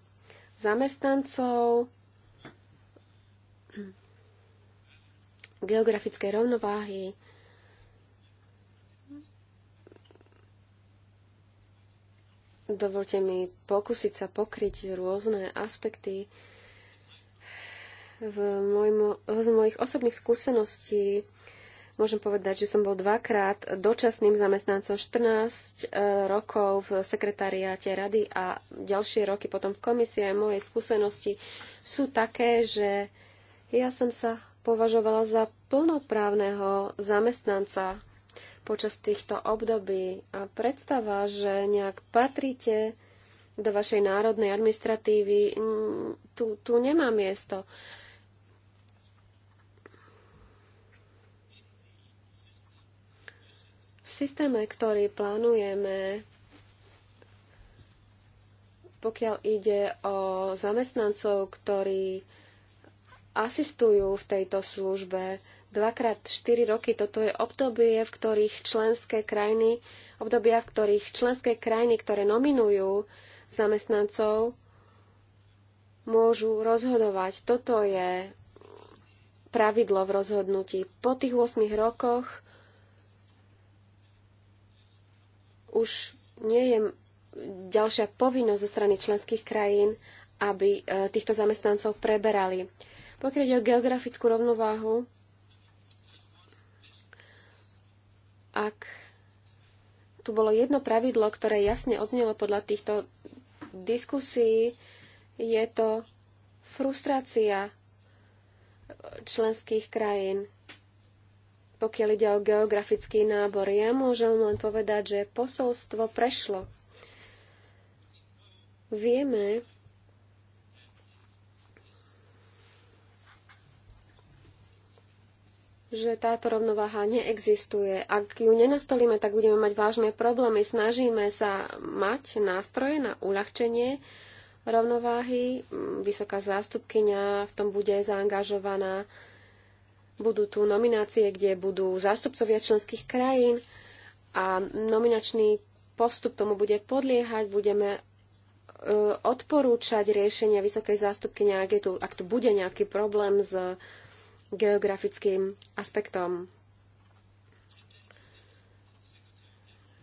zamestnancov, geografickej rovnováhy, Dovolte mi pokúsiť sa pokryť rôzne aspekty v môjmo, z mojich osobných skúseností môžem povedať, že som bol dvakrát dočasným zamestnancom 14 e, rokov v sekretariáte rady a ďalšie roky potom v komisie. Moje skúsenosti sú také, že ja som sa považovala za plnoprávneho zamestnanca počas týchto období. A predstava, že nejak patrite do vašej národnej administratívy, tu, tu nemá miesto. V systéme, ktorý plánujeme, pokiaľ ide o zamestnancov, ktorí asistujú v tejto službe, dvakrát 4 roky. Toto je obdobie, v ktorých členské krajiny, obdobia, v ktorých členské krajiny, ktoré nominujú zamestnancov, môžu rozhodovať. Toto je pravidlo v rozhodnutí. Po tých 8 rokoch už nie je ďalšia povinnosť zo strany členských krajín, aby e, týchto zamestnancov preberali. Pokiaľ ide o geografickú rovnováhu, ak tu bolo jedno pravidlo, ktoré jasne odznelo podľa týchto diskusí, je to frustrácia členských krajín, pokiaľ ide o geografický nábor. Ja môžem len povedať, že posolstvo prešlo. Vieme, že táto rovnováha neexistuje. Ak ju nenastolíme, tak budeme mať vážne problémy. Snažíme sa mať nástroje na uľahčenie rovnováhy. Vysoká zástupkyňa v tom bude zaangažovaná. Budú tu nominácie, kde budú zástupcovia členských krajín a nominačný postup tomu bude podliehať. Budeme e, odporúčať riešenia vysokej zástupky, ak, je tu, ak tu bude nejaký problém s geografickým aspektom.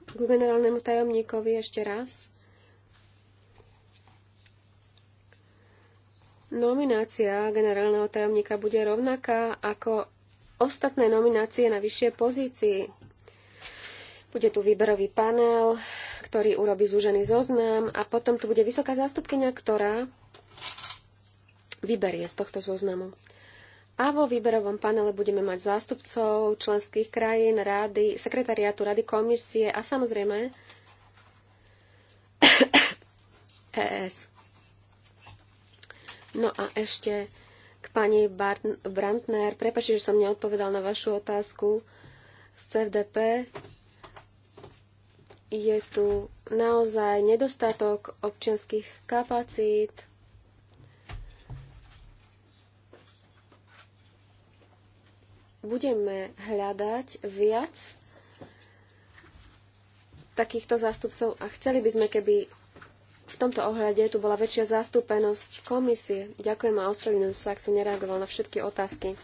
Ku generálnemu tajomníkovi ešte raz. Nominácia generálneho tajomníka bude rovnaká ako ostatné nominácie na vyššie pozícii. Bude tu výberový panel, ktorý urobí zúžený zoznam a potom tu bude vysoká zástupkynia, ktorá vyberie z tohto zoznamu. A vo výberovom panele budeme mať zástupcov členských krajín, rády, sekretariátu rady komisie a samozrejme ES. E no a ešte k pani Brantner. Prepačte, že som neodpovedal na vašu otázku z CFDP. Je tu naozaj nedostatok občianských kapacít budeme hľadať viac takýchto zástupcov a chceli by sme, keby v tomto ohľade tu bola väčšia zastúpenosť komisie. Ďakujem a ospravedlňujem sa, ak som nereagoval na všetky otázky.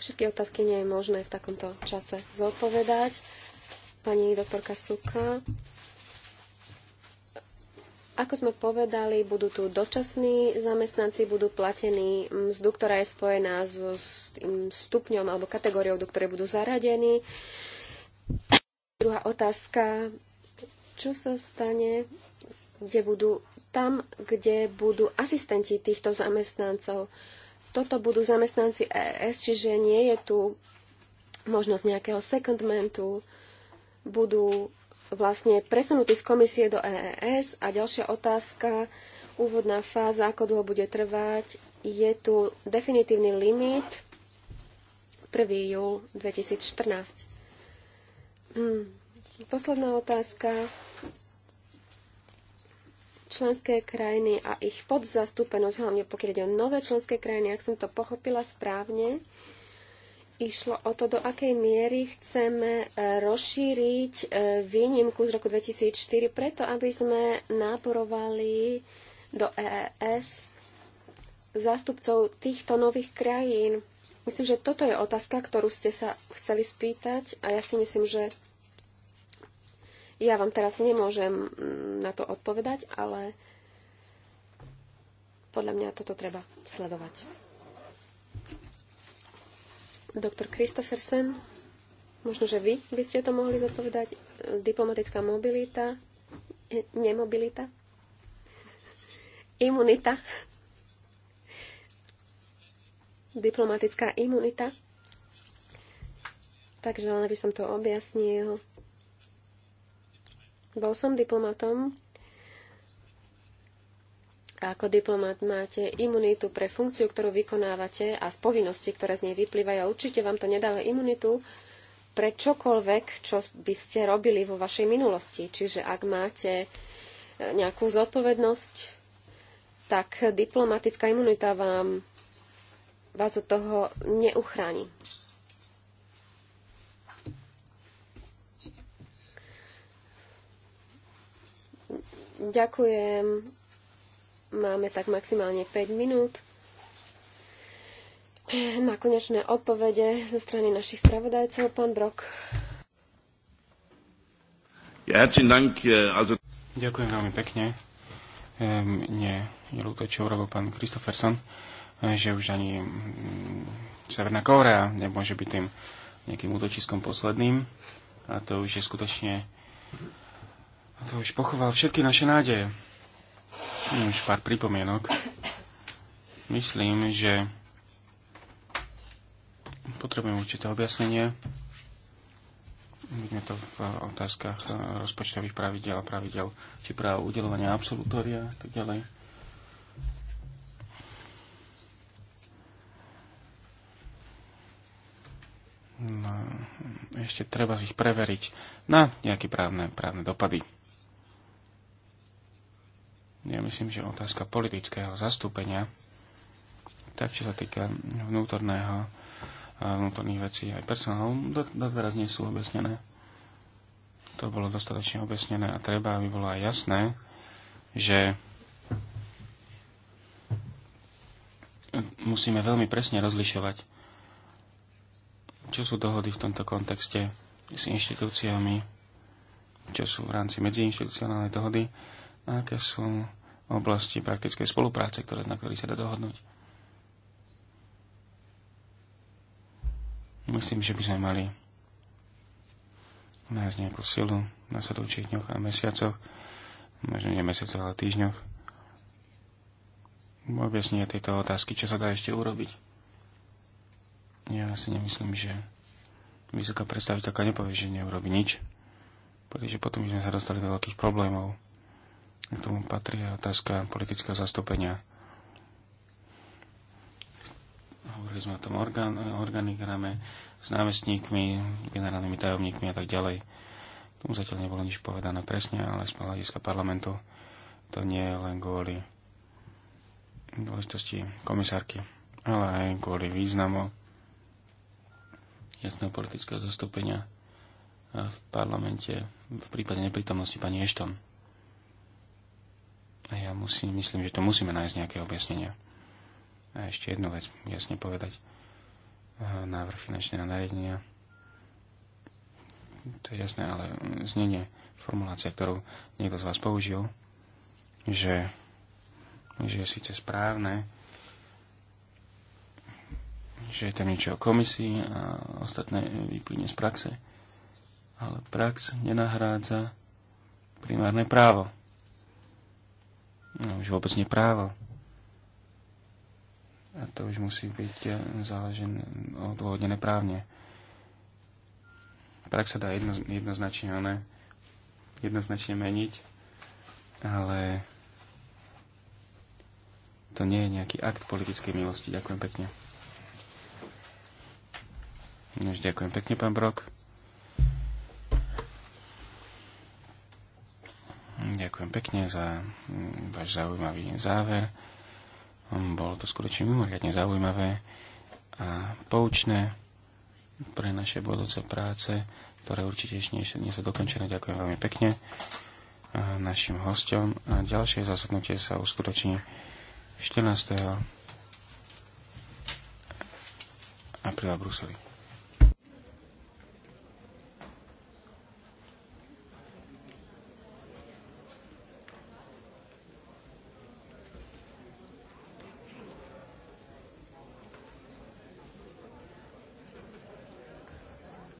Všetky otázky nie je možné v takomto čase zodpovedať. Pani doktorka Suka, ako sme povedali, budú tu dočasní zamestnanci, budú platení mzdu, ktorá je spojená so stupňom alebo kategóriou, do ktorej budú zaradení. Druhá otázka, čo sa stane, kde budú tam, kde budú asistenti týchto zamestnancov. Toto budú zamestnanci ES, čiže nie je tu možnosť nejakého secondmentu, budú vlastne presunutý z komisie do EES. A ďalšia otázka, úvodná fáza, ako dlho bude trvať. Je tu definitívny limit 1. júl 2014. Hmm. Posledná otázka. Členské krajiny a ich podzastúpenosť, hlavne pokiaľ ide o nové členské krajiny, ak som to pochopila správne, išlo o to, do akej miery chceme e, rozšíriť e, výnimku z roku 2004 preto, aby sme náporovali do EES zástupcov týchto nových krajín. Myslím, že toto je otázka, ktorú ste sa chceli spýtať a ja si myslím, že ja vám teraz nemôžem na to odpovedať, ale podľa mňa toto treba sledovať. Doktor Christoffersen, možno, že vy by ste to mohli zodpovedať. Diplomatická mobilita, e, nemobilita, imunita, diplomatická imunita. Takže len by som to objasnil. Bol som diplomatom ako diplomat máte imunitu pre funkciu, ktorú vykonávate a z povinnosti, ktoré z nej vyplývajú. Určite vám to nedáva imunitu pre čokoľvek, čo by ste robili vo vašej minulosti. Čiže ak máte e, nejakú zodpovednosť, tak diplomatická imunita vám, vás od toho neuchráni. Ďakujem Máme tak maximálne 5 minút na konečné odpovede zo strany našich spravodajcov. Pán Brok. Eh, Ďakujem veľmi pekne. Eh, mne je ľúto, čo urobil pán Kristofferson, eh, že už ani mm, Severná Kórea nemôže byť tým nejakým útočiskom posledným. A to už je skutočne... A To už pochoval všetky naše nádeje. No, už pár pripomienok. Myslím, že potrebujem určité objasnenie. Vidíme to v eh, otázkach eh, rozpočtových pravidel a pravidel či práv udelovania absolutória a tak ďalej. No, ešte treba z ich preveriť na nejaké právne, právne dopady ja myslím, že otázka politického zastúpenia, tak čo sa týka vnútorného, eh, vnútorných vecí aj personálov, teraz nie sú objasnené. To bolo dostatočne objasnené a treba, aby bolo aj jasné, že musíme veľmi presne rozlišovať, čo sú dohody v tomto kontexte s inštitúciami, čo sú v rámci medziinštitucionálnej dohody, a aké sú oblasti praktickej spolupráce, ktoré, na ktorých sa dá dohodnúť. Myslím, že by sme mali nájsť nejakú silu v nasledujúcich dňoch a mesiacoch, možno nie mesiacoch, ale týždňoch, objasnenie tejto otázky, čo sa dá ešte urobiť. Ja si nemyslím, že vysoká predstaviteľka nepovie, že neurobi nič, pretože potom by sme sa dostali do veľkých problémov. K tomu patrí otázka politického zastúpenia. Hovorili sme o tom orgán, organigrame s námestníkmi, generálnymi tajomníkmi a tak ďalej. K tomu zatiaľ nebolo nič povedané presne, ale z hľadiska parlamentu to nie je len kvôli dôležitosti komisárky, ale aj kvôli významu jasného politického zastúpenia v parlamente v prípade neprítomnosti pani Ešton. A ja musím, myslím, že to musíme nájsť nejaké objasnenia. A ešte jednu vec jasne povedať. Návrh finančného nariadenia. To je jasné, ale znenie, formulácia, ktorú niekto z vás použil, že, že je síce správne, že je tam niečo o komisii a ostatné vyplyne z praxe. Ale prax nenahrádza primárne právo no, už vôbec nie právo. A to už musí byť eh, záležené, odôvodnené právne. Prax sa dá jedno, jednoznačne, ne, jednoznačne meniť, ale to nie je nejaký akt politickej milosti. Ďakujem pekne. Než ďakujem pekne, pán Brok. Ďakujem pekne za mm, váš zaujímavý záver. Mm, Bolo to skutočne mimoriadne zaujímavé a poučné pre naše budúce práce, ktoré určite ešte nie sú dokončené. Ďakujem veľmi pekne našim hostom. A ďalšie zasadnutie sa uskutoční 14. apríla v Bruseli.